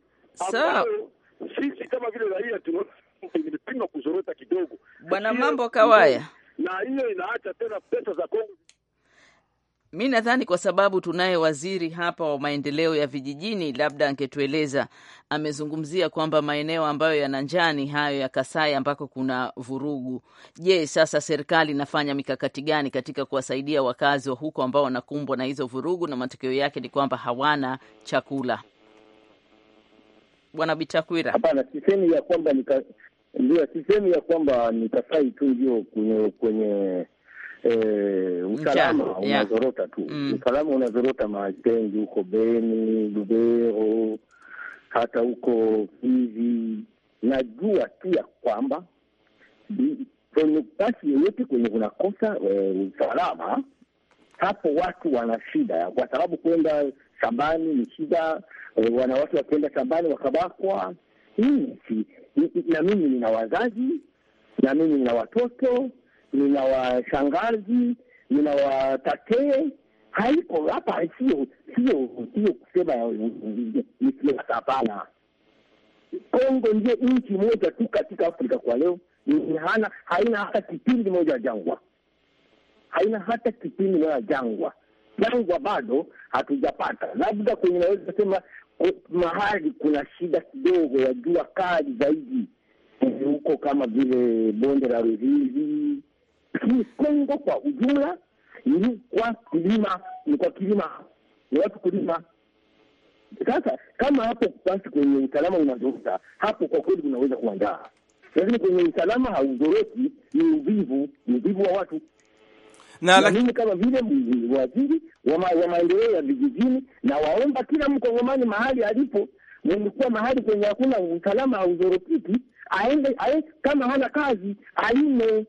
ambayo sisi kama vile raia tunaona ilipingwa kuzorota kidogo, bwana mambo kawaya, na hiyo inaacha tena pesa za Kongo. Mi nadhani kwa sababu tunaye waziri hapa wa maendeleo ya vijijini, labda angetueleza. Amezungumzia kwamba maeneo ambayo yana njani hayo ya Kasai ambako kuna vurugu. Je, sasa serikali inafanya mikakati gani katika kuwasaidia wakazi wa huko ambao wanakumbwa na hizo vurugu, na matokeo yake ni kwamba hawana chakula? Bwana Bitakwira, hapana, sisemi ya kwamba ndio, sisemi ya kwamba nitafai tu ndio kwenye kwenye E, usalama unazorota tu mm. Usalama unazorota mahali pengi, huko Beni, Lubero, hata huko hivi. Najua tu ya kwamba kwenye basi yoyote kwenye kunakosa e, eh, usalama, hapo watu wana shida, kwa sababu kwenda shambani ni shida e, eh, wana watu wakienda shambani wakabakwa. Hii na mimi nina wazazi, na mimi nina watoto, nina washangazi, nina watatee. Haiko hapa, sio sio sio kusema hapana. Kongo ndiyo nchi moja tu katika Afrika kwa leo hana haina hata kipindi moja jangwa, haina hata kipindi moja jangwa. Jangwa bado hatujapata, labda kwenye naweza kusema mahali kuna shida kidogo ya jua kali zaidi eh, huko kama vile bonde la Ruzizi, lakini Kongo kwa ujumla ni kwa kilima, ni kwa kilima, ni watu kulima. Sasa kama hapo basi, kwenye usalama unazorota hapo, kwa kweli unaweza kuandaa, lakini kwenye usalama hauzoroti, ni uvivu, ni uvivu wa watu na, na mimi kama vile waziri wa, ma, wa maendeleo ya vijijini na waomba kila mkongomani mahali alipo nilikuwa mahali kwenye hakuna usalama hauzorotiki, aende kama hana kazi aime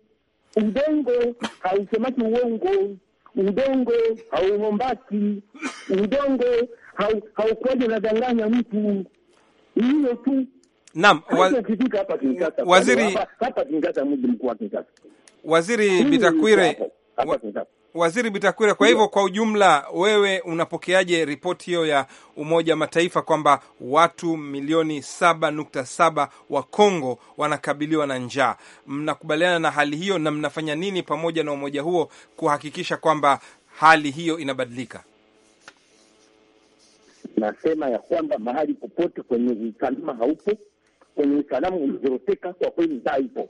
Udongo hausemaki uongo, udongo hauombaki, udongo haukwenda unadanganya mtu. Hiyo tu. Naam, waziri hapa Kinshasa, mji mkuu wa Kinshasa, Waziri Bitakwire wa, Waziri Bitakwira, kwa hivyo kwa ujumla wewe unapokeaje ripoti hiyo ya Umoja wa Mataifa kwamba watu milioni saba nukta saba wa Kongo wanakabiliwa na njaa? Mnakubaliana na hali hiyo na mnafanya nini pamoja na umoja huo kuhakikisha kwamba hali hiyo inabadilika? Nasema ya kwamba mahali popote kwenye usalama haupo, kwenye usalama umezoroteka, kwa kweli njaa ipo,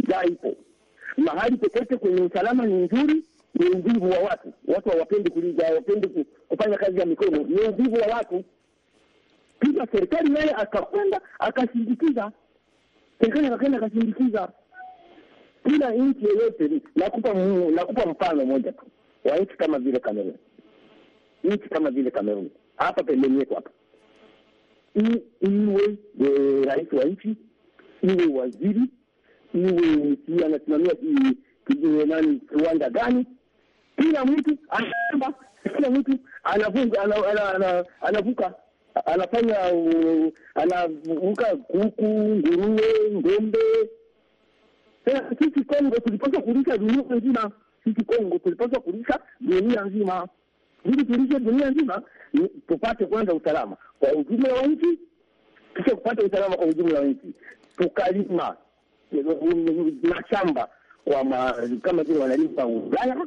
njaa ipo mahali popote kwenye usalama ni nzuri, ni uvivu wa watu. Watu hawapendi kulinda, hawapendi kufanya kazi ya mikono, ni uvivu wa watu. Kisha serikali naye akakwenda akasindikiza, serikali akakwenda akasindikiza. Kila nchi yoyote, nakupa nakupa mfano moja tu wa nchi kama vile Kamerun, nchi kama vile Kamerun hapa pembeni yetu hapa, iwe eh, rais wa nchi, iwe waziri iwe sijui anasimamia nani kiwanda gani. Kila mtu anaomba, kila mtu anavuka anavuka anafanya anavuka kuku, nguruwe, ngombe. Sisi Kongo tulipaswa kulisha dunia nzima. Sisi Kongo tulipaswa kulisha dunia nzima, ili tulishe dunia nzima tupate kwanza usalama kwa ujumla wa nchi, kisha kupata usalama kwa ujumla wa nchi, tukalima mashamba kwa ma, kama vile wanalipa Ulaya,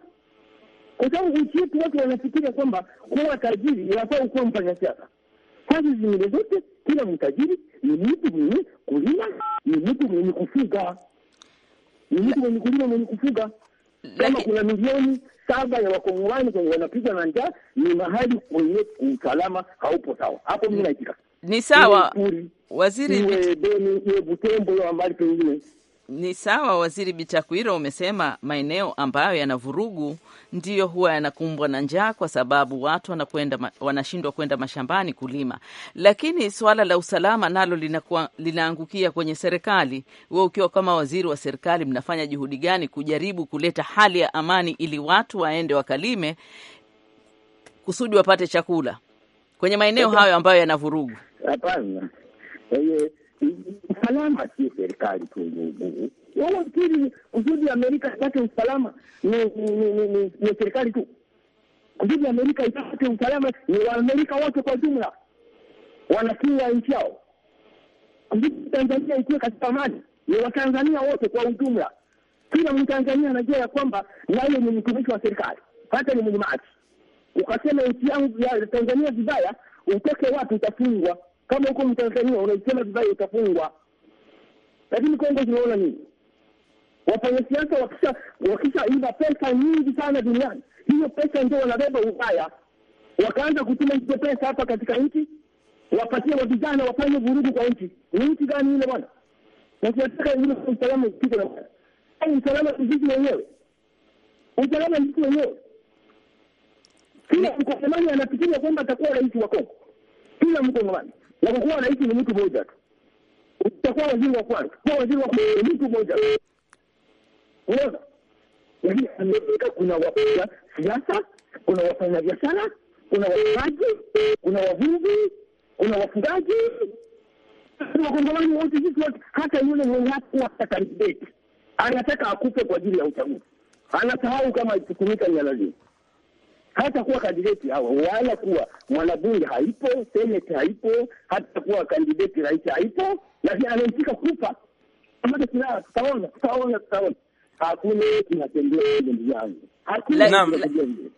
kwa sababu nchi yetu watu wanafikiria kwamba kuwa tajiri inafaa ukuwa siasa. Kazi zingine zote, kila mtajiri ni mtu mwenye kulima, ni mtu mwenye kufuga, ni mtu mwenye kulima, mwenye kufuga. Kama kuna milioni saba ya wakongomani wanapigwa na njaa, ni mahali kwenye usalama haupo sawa. Hapo mi naitika ni sawa waziri pengine ni sawa waziri Bitakwira, umesema maeneo ambayo yana vurugu ndiyo huwa yanakumbwa na njaa, kwa sababu watu wanakwenda wanashindwa kwenda mashambani kulima, lakini suala la usalama nalo linakuwa linaangukia kwenye serikali. Wewe ukiwa kama waziri wa serikali, mnafanya juhudi gani kujaribu kuleta hali ya amani ili watu waende wakalime kusudi wapate chakula kwenye maeneo hayo ambayo yana vurugu? Hapana, usalama sio serikali tu. Wanafikiri kusudi Amerika ipate usalama ni serikali tu. Kusudi Amerika ipate usalama ni Waamerika wote kwa jumla, wanakiwa nchi yao. Kusudi Tanzania ikiwe katika amani ni Watanzania wote kwa ujumla. Kila Mtanzania anajua ya kwamba naye ni mtumishi wa serikali, hata ni mwenye maasi. Ukasema nchi yangu ya Tanzania vibaya, utoke watu Utafungwa. Kama huko Mtanzania unaisema vibaya utafungwa, lakini Kongo tunaona nini? Wafanya siasa wakisha wakisha wakishaiba pesa nyingi sana duniani, hiyo pesa ndio wanabeba ubaya, wakaanza kutuma hizo pesa hapa katika nchi, wapatie wa vijana wafanye vurugu kwa nchi. Ni nchi gani ile bwana? Na tunataka ile usalama upige na usalama sisi wenyewe, usalama sisi wenyewe. Kila mkongomani anafikiria kwamba atakuwa rais wa Kongo, kila mkongomani na kwa kuwa rais ni mtu mmoja tu, utakuwa waziri wa kwanza, kuwa waziri wa kwanza ni mtu mmoja tu. Unaona, Lakini Amerika kuna wapiga siasa, kuna wafanya biashara, kuna wafugaji, kuna wavuvi, kuna wafugaji, wakongomani wote sisi wote, hata yule mwenye hakuwa kandidate anataka akupe kwa ajili ya uchaguzi, anasahau kama ikitumika ni lazima hata kuwa kandidati hawa wala kuwa mwanabunge haipo, senate haipo, hata kuwa kandidati rais haipo, lakini anaitika kufa pamoja. Tutaona, tutaona, tutaona, tutaona. Hakuna kinatembea ile, ndugu yangu, hakuna kinatembea hivyo,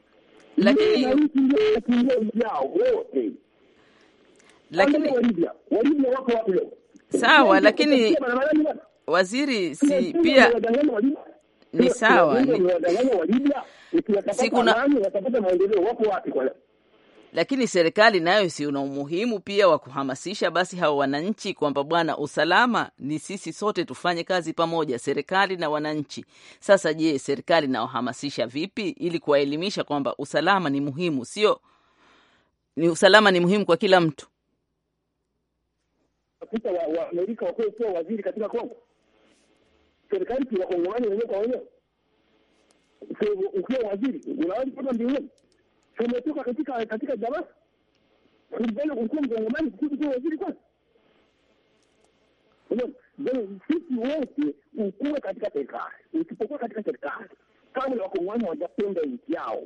lakini wote, lakini walivya walivya wako wapi leo? Sawa, lakini waziri si pia ni sawa Sikuna... maendeleo, wapi kwa lakini serikali nayo si una umuhimu pia wa kuhamasisha basi hawa wananchi kwamba bwana, usalama ni sisi sote, tufanye kazi pamoja, serikali na wananchi. Sasa je, serikali inawahamasisha vipi ili kuwaelimisha kwamba usalama ni muhimu? Sio ni usalama ni muhimu kwa kila mtu. Wakuta Waamerika wakuwa waziri katika Kongo, serikali si wakongomani wenyewe kwa wenyewe ukiwa waziri unaweza kwenda mbinguni? Umetoka katika katika darasa kulibana ulikuwa mkongomani kusudi kuwa waziri kwanza? Sisi wote ukuwe katika serikali, usipokuwa katika serikali, kabla wakongomani wajapenda nchi yao,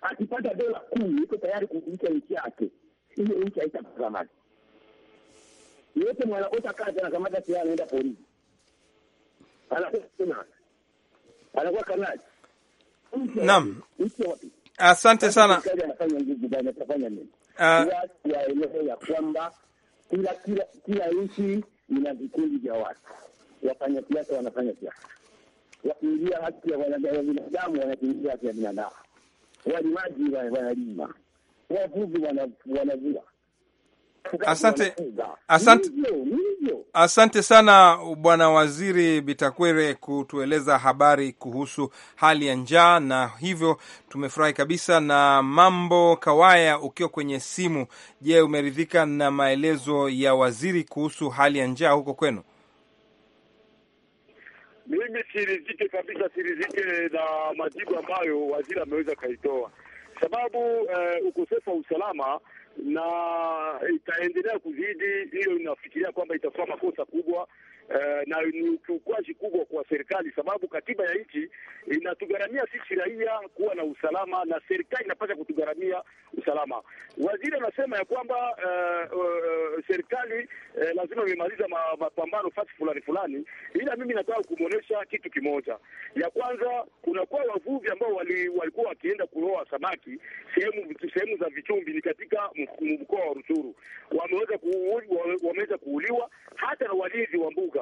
akipata dola kumi iko tayari kuulisha nchi yake, hiyo nchi haitakamata yote. Mwanakosa kazi anakamata silaha, anaenda polisi, anakuwa anakuwa kanali Naam, asante sana. Waelewe ah. ya kwamba kila kila kila nchi ina vikundi vya watu, wafanya siasa wanafanya siasa, wakiingia haki ya binadamu wanakiingia haki ya binadamu, walimaji wanalima, wavuvi wanavua Asante, asante, asante sana Bwana Waziri Bitakwere kutueleza habari kuhusu hali ya njaa, na hivyo tumefurahi kabisa. Na Mambo Kawaya, ukiwa kwenye simu, je, umeridhika na maelezo ya waziri kuhusu hali ya njaa huko kwenu? Mimi sirizike kabisa, siridhike na majibu ambayo waziri ameweza kaitoa, sababu eh, ukosefu wa usalama na itaendelea kuzidi hiyo, inafikiria kwamba itakuwa makosa kubwa Eh, na ni ukiukwaji kubwa kwa serikali, sababu katiba ya nchi inatugharamia sisi raia kuwa na usalama, na serikali inapasa kutugharamia usalama. Waziri anasema ya kwamba uh, uh, serikali uh, lazima imemaliza mapambano fasi fulani fulani, ila mimi nataka kumwonyesha kitu kimoja. Ya kwanza, kunakuwa wavuvi ambao wali, walikuwa wakienda kuloa samaki sehemu sehemu za Vichumbi, ni katika mkoa wa Ruchuru, wameweza ku, wameweza kuuliwa hata na walinzi wa mbuga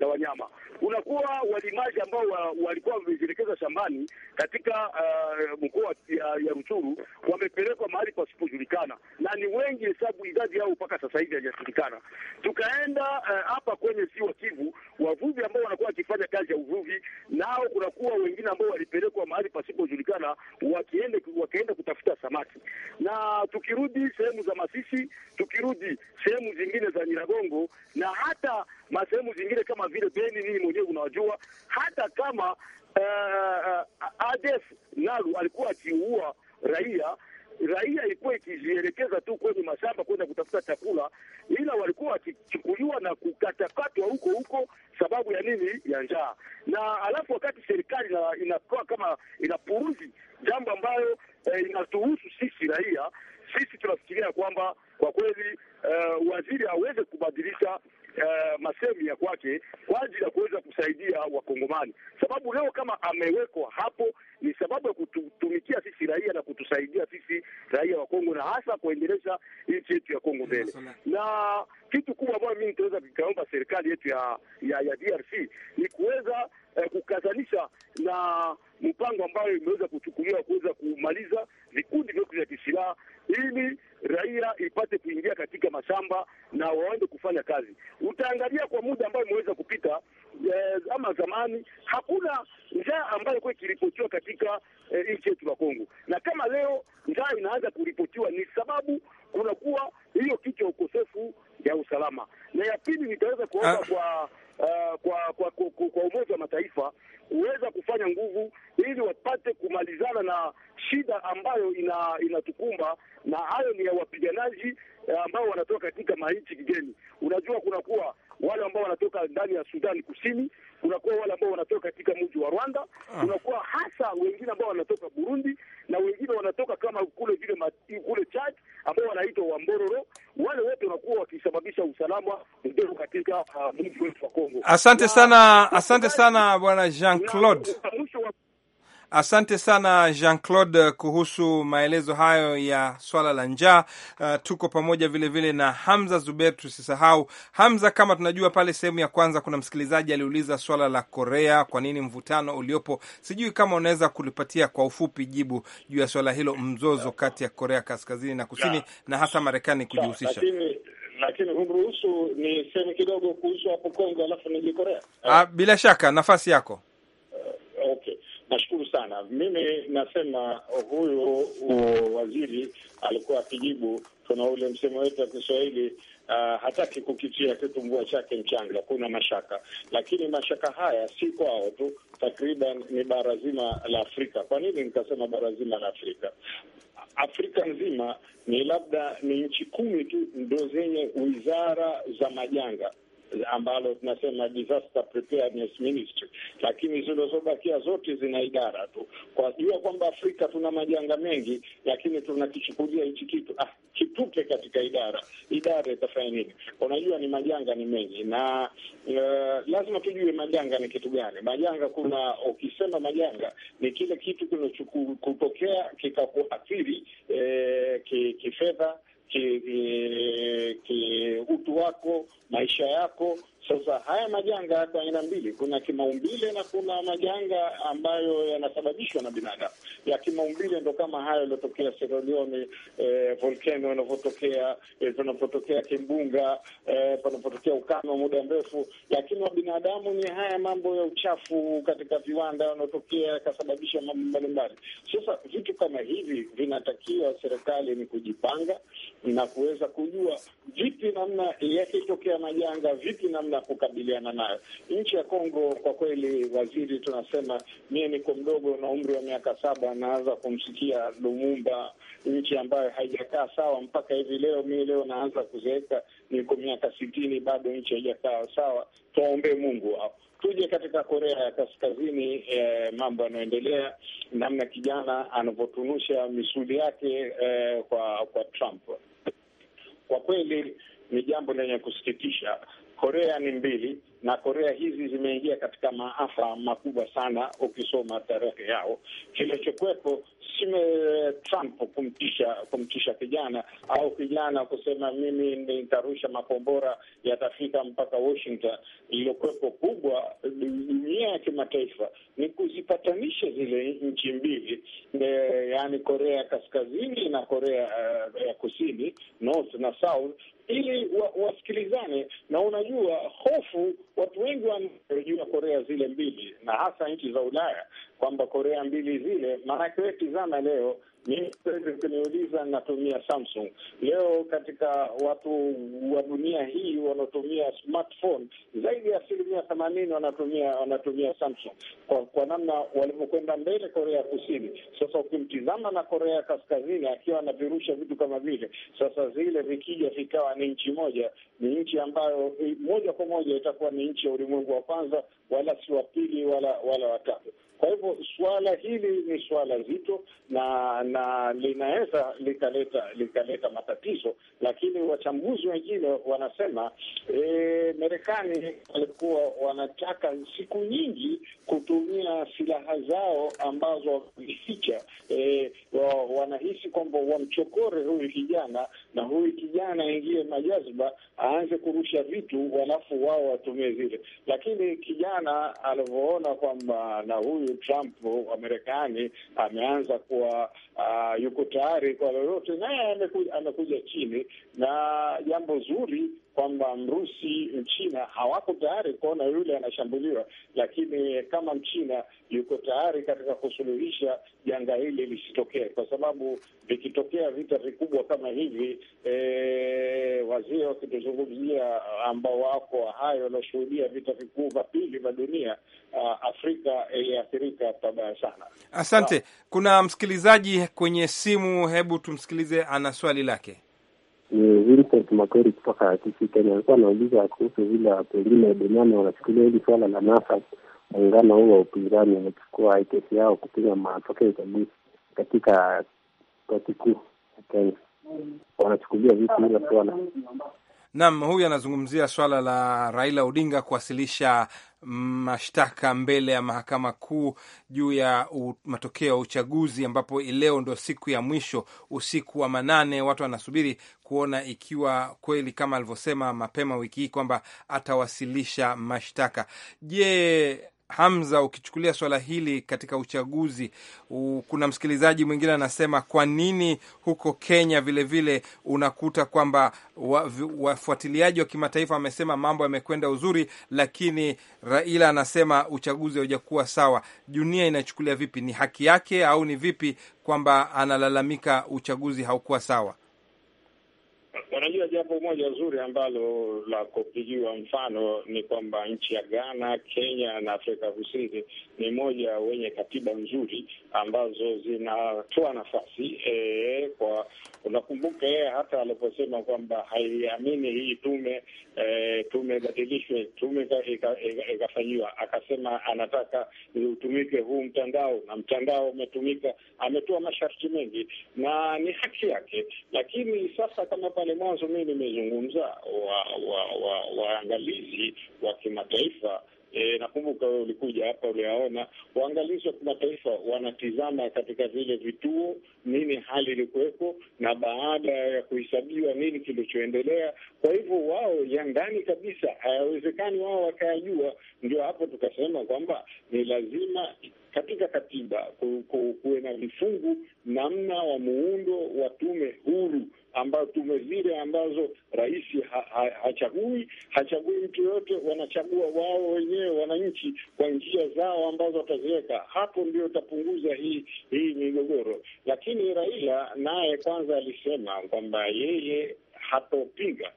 za wanyama. Unakuwa walimaji ambao walikuwa wamejielekeza shambani katika uh, mkoa ya Ruchuru wamepelekwa mahali pasipojulikana, na ni wengi, hesabu idadi yao mpaka sasa hivi haijajulikana. Tukaenda uh, hapa uh, kwenye ziwa Kivu, wavuvi ambao wanakuwa wakifanya kazi ya uvuvi, nao kunakuwa wengine ambao walipelekwa mahali pasipojulikana, wakienda wakaenda kutafuta samaki, na tukirudi sehemu za Masisi, tukirudi sehemu zingine za Nyiragongo na hata masehemu zingine kama kama vile Beni, nini mwenyewe unajua, hata kama uh, eh, ADF nalo alikuwa akiua raia raia ilikuwa ikijielekeza tu kwenye mashamba kwenda kutafuta chakula, ila walikuwa wakichukuliwa na kukatakatwa huko huko sababu ya nini? Ya njaa. Na alafu wakati serikali inakuwa kama inapuruzi jambo ambayo eh, inatuhusu sisi raia, sisi tunafikiria kwamba kwa kweli uh, waziri aweze kubadilisha Uh, masemi ya kwake kwa ajili ya kuweza kusaidia Wakongomani, sababu leo kama amewekwa hapo ni sababu ya kututumikia sisi raia na kutusaidia sisi raia wa Kongo na hasa kuendeleza nchi yetu ya Kongo mbele. Na kitu kubwa ambayo mimi nitaweza kukaomba serikali yetu ya, ya, ya DRC ni kuweza eh, kukazanisha na mpango ambayo imeweza kuchukuliwa kuweza kumaliza vikundi vyote vya kisilaha ili raia ipate kuingia katika mashamba na waende kufanya kazi. Utaangalia kwa muda ambayo imeweza kupita eh, ama zamani hakuna njaa ambayo ilikuwa ikiripotiwa katika eh, nchi yetu ya Kongo, na kama leo njaa inaanza kuripotiwa ni sababu kunakuwa hiyo kitu ya ukosefu ya usalama. Na ya pili nitaweza kuomba ah, kwa Uh, kwa kwa kwa, kwa Umoja wa Mataifa kuweza kufanya nguvu ili wapate kumalizana na shida ambayo ina inatukumba, na hayo ni ya wapiganaji eh, ambao wanatoka katika manchi kigeni. Unajua, kunakuwa wale ambao wanatoka ndani ya Sudani Kusini, kunakuwa wale ambao wanatoka katika mji wa Rwanda, ah. kunakuwa hasa wengine ambao wanatoka Burundi na wengine wanatoka kama kule vile kule Chad mto wa Mbororo, wale wote wanakuwa wakisababisha usalama mdogo katika uh, mji wetu wa Kongo. Asante sana, asante sana bwana Jean Claude. Asante sana Jean Claude kuhusu maelezo hayo ya swala la njaa. Uh, tuko pamoja vilevile vile na Hamza Zuber. Tusisahau Hamza, kama tunajua pale sehemu ya kwanza kuna msikilizaji aliuliza swala la Korea, kwa nini mvutano uliopo. Sijui kama unaweza kulipatia kwa ufupi jibu juu ya swala hilo, mzozo kati ya Korea Kaskazini na Kusini ya, na hasa Marekani kujihusisha lakini ni niseme kidogo kuhusu hapo Kongo, alafu nije Korea. Ah, bila shaka nafasi yako. Nashukuru sana. Mimi nasema huyu waziri alikuwa akijibu, tuna ule msemo wetu wa Kiswahili uh, hataki kukitia kitumbua chake mchanga. Kuna mashaka, lakini mashaka haya si kwao tu, takriban ni bara zima la Afrika. Kwa nini nikasema bara zima la Afrika? Afrika nzima ni labda ni nchi kumi tu ndo zenye wizara za majanga ambalo tunasema disaster preparedness ministry, lakini zilizobakia zote zina idara tu. Kwa jua kwamba Afrika tuna majanga mengi, lakini tunakichukulia hichi kitu ah, kitupe katika idara. Idara itafanya nini? Unajua ni majanga ni mengi, na uh, lazima tujue majanga ni kitu gani. Majanga kuna, ukisema majanga ni kile kitu kinachokutokea kikakuathiri eh, kifedha ki ki, ki, eh, ki utu wako, maisha yako sasa haya majanga yako aina mbili, kuna kimaumbile na kuna majanga ambayo yanasababishwa na binadamu. Ya kimaumbile ndo kama hayo yaliyotokea Sierra Leone, eh, volcano inavyotokea, eh, panapotokea kimbunga, eh, panapotokea ukame wa muda mrefu. Lakini wa binadamu ni haya mambo ya uchafu katika viwanda yanayotokea yakasababisha mambo mbalimbali. Sasa vitu kama hivi vinatakiwa serikali ni kujipanga na kuweza kujua vipi namna yakitokea majanga, vipi namna na kukabiliana nayo. Nchi ya Kongo kwa kweli, waziri tunasema, mie niko mdogo na umri wa miaka saba, naanza kumsikia Lumumba, nchi ambayo haijakaa sawa mpaka hivi leo. Mie leo naanza kuzeeka, niko miaka sitini, bado nchi haijakaa sawa. Tuwaombee Mungu hao. Tuje katika Korea ya Kaskazini, eh, mambo yanaendelea namna kijana anavyotunusha misuli yake eh, kwa kwa Trump. Kwa kweli ni jambo lenye kusikitisha. Korea ni mbili, na Korea hizi zimeingia katika maafa makubwa sana. Ukisoma tarehe yao, kilichokuwepo si Trump kumtisha kumtisha kijana au kijana kusema mimi nitarusha makombora yatafika mpaka Washington. Lililokuwepo kubwa dunia ya kimataifa ni kuzipatanisha zile nchi mbili, yaani Korea Kaskazini na Korea e, ya uh, Kusini, north na south ili wasikilizane wa na unajua, hofu watu wengi wanajua Korea zile mbili, na hasa nchi za Ulaya kwamba Korea mbili zile, maanake we tizama leo mimi ukiniuliza, natumia Samsung. Leo katika watu wa dunia hii wanaotumia smartphone zaidi ya asilimia themanini wanatumia wanatumia Samsung kwa, kwa namna walivyokwenda mbele Korea Kusini. Sasa ukimtizama na Korea Kaskazini akiwa anavirusha vitu kama vile, sasa zile vikija vikawa ni nchi moja, ni nchi ambayo moja kwa moja itakuwa ni nchi ya ulimwengu wa kwanza, wala si wa pili, wala wala watatu. Kwa hivyo suala hili ni suala zito na na linaweza likaleta likaleta matatizo, lakini wachambuzi wengine wanasema e, Marekani walikuwa wanataka siku nyingi kutumia silaha zao ambazo wameficha. E, wanahisi kwamba wamchokore huyu kijana na huyu kijana aingie majazba, aanze kurusha vitu, walafu wao watumie zile. Lakini kijana alivyoona kwamba na huyu Trump wa Marekani ameanza kuwa uh, yuko tayari kwa lolote, naye amekuja, amekuja chini na jambo zuri kwamba Mrusi, Mchina hawako tayari kuona yule anashambuliwa, lakini kama Mchina yuko tayari katika kusuluhisha janga hili lisitokee, kwa sababu vikitokea vita vikubwa kama hivi e, wazee wakituzungumzia ambao wako hayo wanashuhudia vita vikuu vya pili vya dunia, ah, Afrika iliathirika pabaya sana. Asante. Ah. Kuna msikilizaji kwenye simu, hebu tumsikilize, ana swali lake ni Vincent Makweri kutoka Kisii, Kenya. Alikuwa anauliza kuhusu vile pengine duniani wanachukulia hili swala la NASA, muungano huo wa upinzani wanachukua kesi yao kupinga matokeo ya uchaguzi katika koti kuu ya Kenya, wanachukulia vipi hilo swala? Naam, huyu anazungumzia swala la Raila Odinga kuwasilisha mashtaka mbele ya mahakama kuu juu ya matokeo ya uchaguzi, ambapo leo ndo siku ya mwisho, usiku wa manane. Watu wanasubiri kuona ikiwa kweli kama alivyosema mapema wiki hii kwamba atawasilisha mashtaka. Je, Hamza, ukichukulia swala hili katika uchaguzi, kuna msikilizaji mwingine anasema, kwa nini huko Kenya vilevile vile unakuta kwamba wafuatiliaji wa, wa kimataifa wamesema mambo yamekwenda uzuri, lakini Raila anasema uchaguzi haujakuwa sawa. Dunia inachukulia vipi? Ni haki yake au ni vipi kwamba analalamika uchaguzi haukuwa sawa? Unajua, jambo moja zuri ambalo la kupigiwa mfano ni kwamba nchi ya Ghana, Kenya na Afrika Kusini ni moja wenye katiba nzuri ambazo zinatoa nafasi e, kwa unakumbuka yeye eh, hata aliposema kwamba haiamini hii tume e, tume ibadilishwe, tume ikafanyiwa, akasema anataka utumike huu mtandao, na mtandao umetumika. Ametoa masharti mengi na ni haki yake, lakini sasa kama pale mwanzo mi nimezungumza wa waangalizi wa, wa, wa kimataifa. E, nakumbuka wewe ulikuja hapa uliaona waangalizi wa kimataifa wanatizama katika vile vituo nini hali ilikuweko, na baada ya kuhesabiwa nini kilichoendelea. Kwa hivyo wao ya ndani kabisa hayawezekani wao wakayajua, ndio hapo tukasema kwamba ni lazima katika katiba kuwe na vifungu namna wa muundo wa tume huru ambayo tume zile ambazo rais ha, ha, hachagui hachagui mtu yoyote, wanachagua wao wenyewe wananchi kwa njia zao ambazo wataziweka hapo, ndio itapunguza hii hii migogoro. Lakini Raila naye kwanza alisema kwamba yeye hatopinga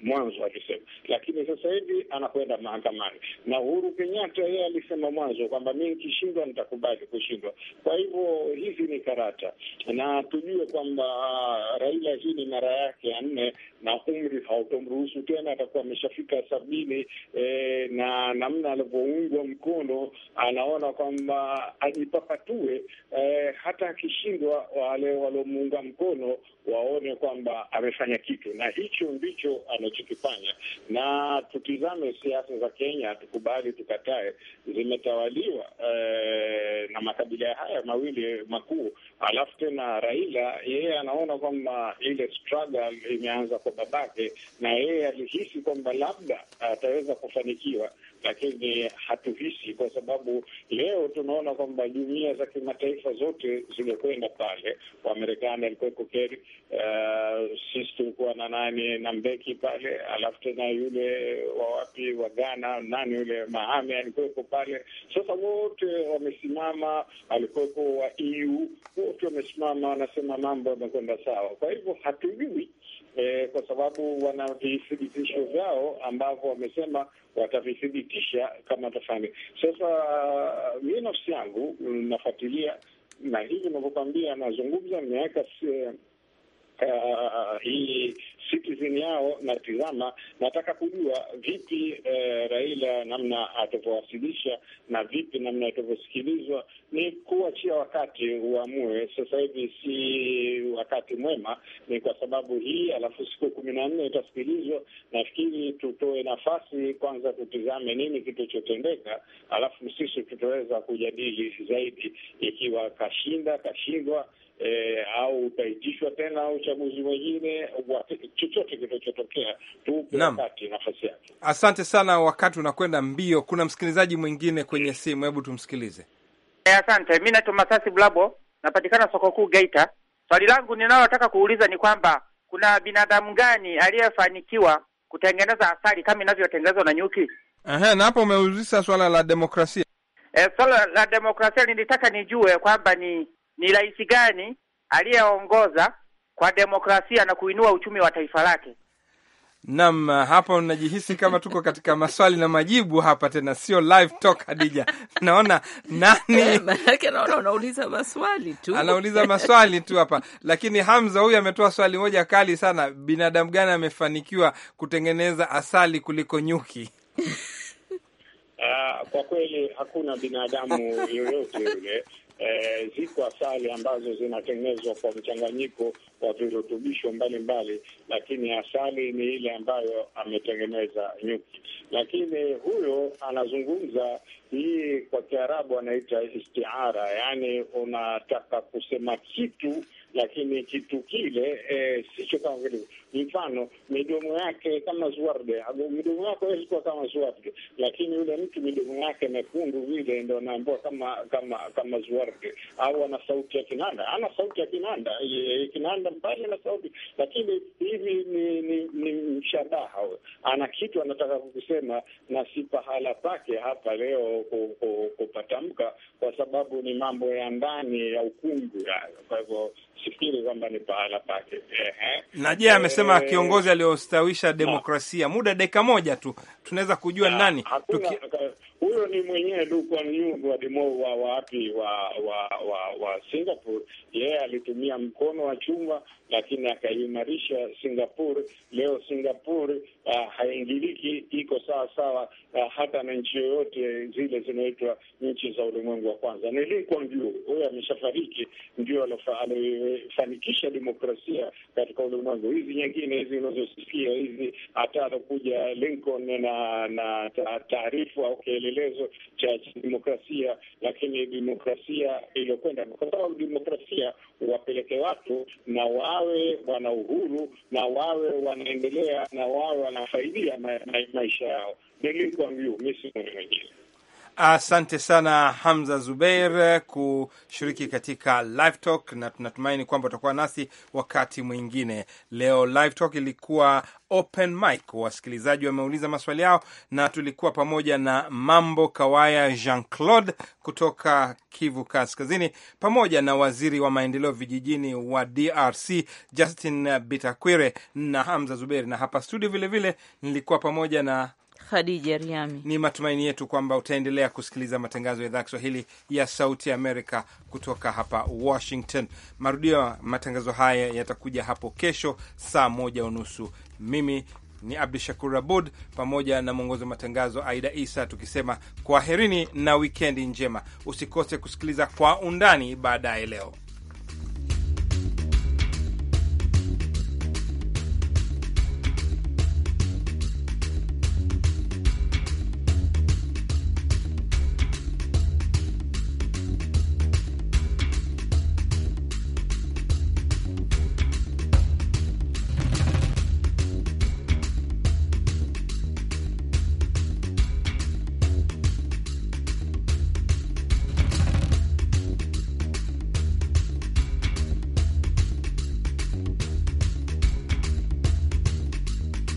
mwanzo alisema lakini sasa hivi anakwenda mahakamani. Na Uhuru Kenyatta yeye alisema mwanzo kwamba mi nikishindwa nitakubali kushindwa. Kwa hivyo hizi ni karata, na tujue kwamba ah, Raila hii ni mara yake ya nne, na umri hautomruhusu tena, atakuwa ameshafika sabini. E, na namna alivyoungwa mkono anaona kwamba ajipapatue, e, hata akishindwa wale waliomuunga mkono waone kwamba amefanya kitu, na hicho ndicho ana wanachokifanya. Na tutizame siasa za Kenya, tukubali tukatae, zimetawaliwa eh, na makabila haya mawili makuu, alafu tena Raila yeye anaona kwamba ile struggle imeanza kwa babake, na yeye alihisi kwamba labda ataweza kufanikiwa lakini hatuhisi, kwa sababu leo tunaona kwamba jumuia za kimataifa zote zimekwenda pale. Wamarekani alikuweko Keri, uh, eh, sisi tulikuwa na nani na Mbeki pale, alafu tena yule wa wapi wa Ghana nani yule Mahame alikuweko pale. Sasa wote wamesimama, alikuweko wa EU wote wamesimama, wanasema mambo yamekwenda sawa. Kwa hivyo hatujui eh, kwa sababu wana vithibitisho vyao ambavyo wamesema watavithibitisha kama tafani. Sasa mi nafsi yangu mm, nafuatilia, na hivi navyokwambia, nazungumza, miaka eh, hii Citizen yao natizama, nataka kujua vipi eh, Raila namna atavyowasilisha na vipi namna atavyosikilizwa. Ni kuachia wakati uamue. Sasa hivi si wakati mwema, ni kwa sababu hii, alafu siku kumi na nne itasikilizwa. Nafikiri tutoe nafasi kwanza, tutizame nini kilichotendeka, alafu sisi tutaweza kujadili zaidi ikiwa kashinda kashindwa e, au utaitishwa tena uchaguzi mwingine, chochote kinachotokea tu wakati nafasi yake. Asante sana, wakati unakwenda mbio. Kuna msikilizaji mwingine kwenye simu, hebu tumsikilize. E, asante. Mi naitwa Masasi Blabo, napatikana soko kuu Geita. Swali langu ninalotaka kuuliza ni kwamba kuna binadamu gani aliyefanikiwa kutengeneza asali kama inavyotengenezwa na nyuki? Aha, na hapo umeuliza swala la demokrasia. E, swala la demokrasia nilitaka nijue kwamba ni ni rais gani aliyeongoza kwa demokrasia na kuinua uchumi wa taifa lake. Naam, hapo najihisi kama tuko katika maswali na majibu hapa tena, sio live talk. Hadija, naona nani eh, maswali tu, anauliza maswali tu hapa. Lakini Hamza huyu ametoa swali moja kali sana, binadamu gani amefanikiwa kutengeneza asali kuliko nyuki? Uh, kwa kweli hakuna binadamu yoyote yule eh, ziko asali ambazo zinatengenezwa kwa mchanganyiko wa virutubisho mbalimbali, lakini asali ni ile ambayo ametengeneza nyuki. Lakini huyo anazungumza hii kwa Kiarabu anaita istiara, yaani unataka kusema kitu lakini kitu kile eh, sicho kama vile Mfano, midomo yake kama Zuarde, midomo yako hawezi kuwa kama Zuarde, lakini yule mtu midomo yake mekundu vile ndo anaambiwa kama kama kama Zuarde, au ana sauti ya kinanda. Ana sauti ya kinanda, kinanda mbali na sauti, lakini hivi ni ni, ni mshabaha. Ana kitu anataka kukisema na si pahala pake hapa leo kupatamka, kwa sababu ni mambo ya ndani ya ukungu. Kwa hivyo sifikiri kwamba ni pahala pake. Ehe, na je, kusema eh, kiongozi aliyostawisha demokrasia. Muda dakika moja tu, tunaweza kujua nani? Tuki huyo ni mwenyewe Du Kuan Yew wadimo wa wapi wa wa, wa wa Singapore. Yeye yeah, alitumia mkono wa chuma, lakini akaimarisha Singapore. Leo Singapore uh, haingiliki, iko sawa sawa uh, hata na nchi yoyote zile zinaitwa nchi za ulimwengu wa kwanza. Ni Lee Kuan Yew, huyo ameshafariki, ndio alifanikisha demokrasia katika ulimwengu. Hizi nyingine hizi unazosikia hizi, hata anakuja Lincoln na na taarifa okay kielelezo cha demokrasia, lakini demokrasia iliyokwenda, kwa sababu demokrasia wapeleke watu na wawe wana uhuru na wawe wanaendelea na wawe wanafaidia ma, ma, maisha yao. Nilikuwa mbiu mi si mwenyewe Asante sana Hamza Zubeir kushiriki katika Live Talk, na tunatumaini kwamba utakuwa nasi wakati mwingine. Leo Live Talk ilikuwa open mic, wasikilizaji wameuliza maswali yao, na tulikuwa pamoja na Mambo Kawaya Jean Claude kutoka Kivu Kaskazini, pamoja na waziri wa maendeleo vijijini wa DRC Justin Bitakwire na Hamza Zubeir, na hapa studio vilevile vile, nilikuwa pamoja na Khadija Riami. Ni matumaini yetu kwamba utaendelea kusikiliza matangazo ya idhaa ya Kiswahili ya Sauti Amerika kutoka hapa Washington. Marudio ya matangazo haya yatakuja hapo kesho saa moja unusu. Mimi ni Abdu Shakur Abud pamoja na mwongozi wa matangazo Aida Isa, tukisema kwaherini na wikendi njema. Usikose kusikiliza Kwa Undani baadaye leo.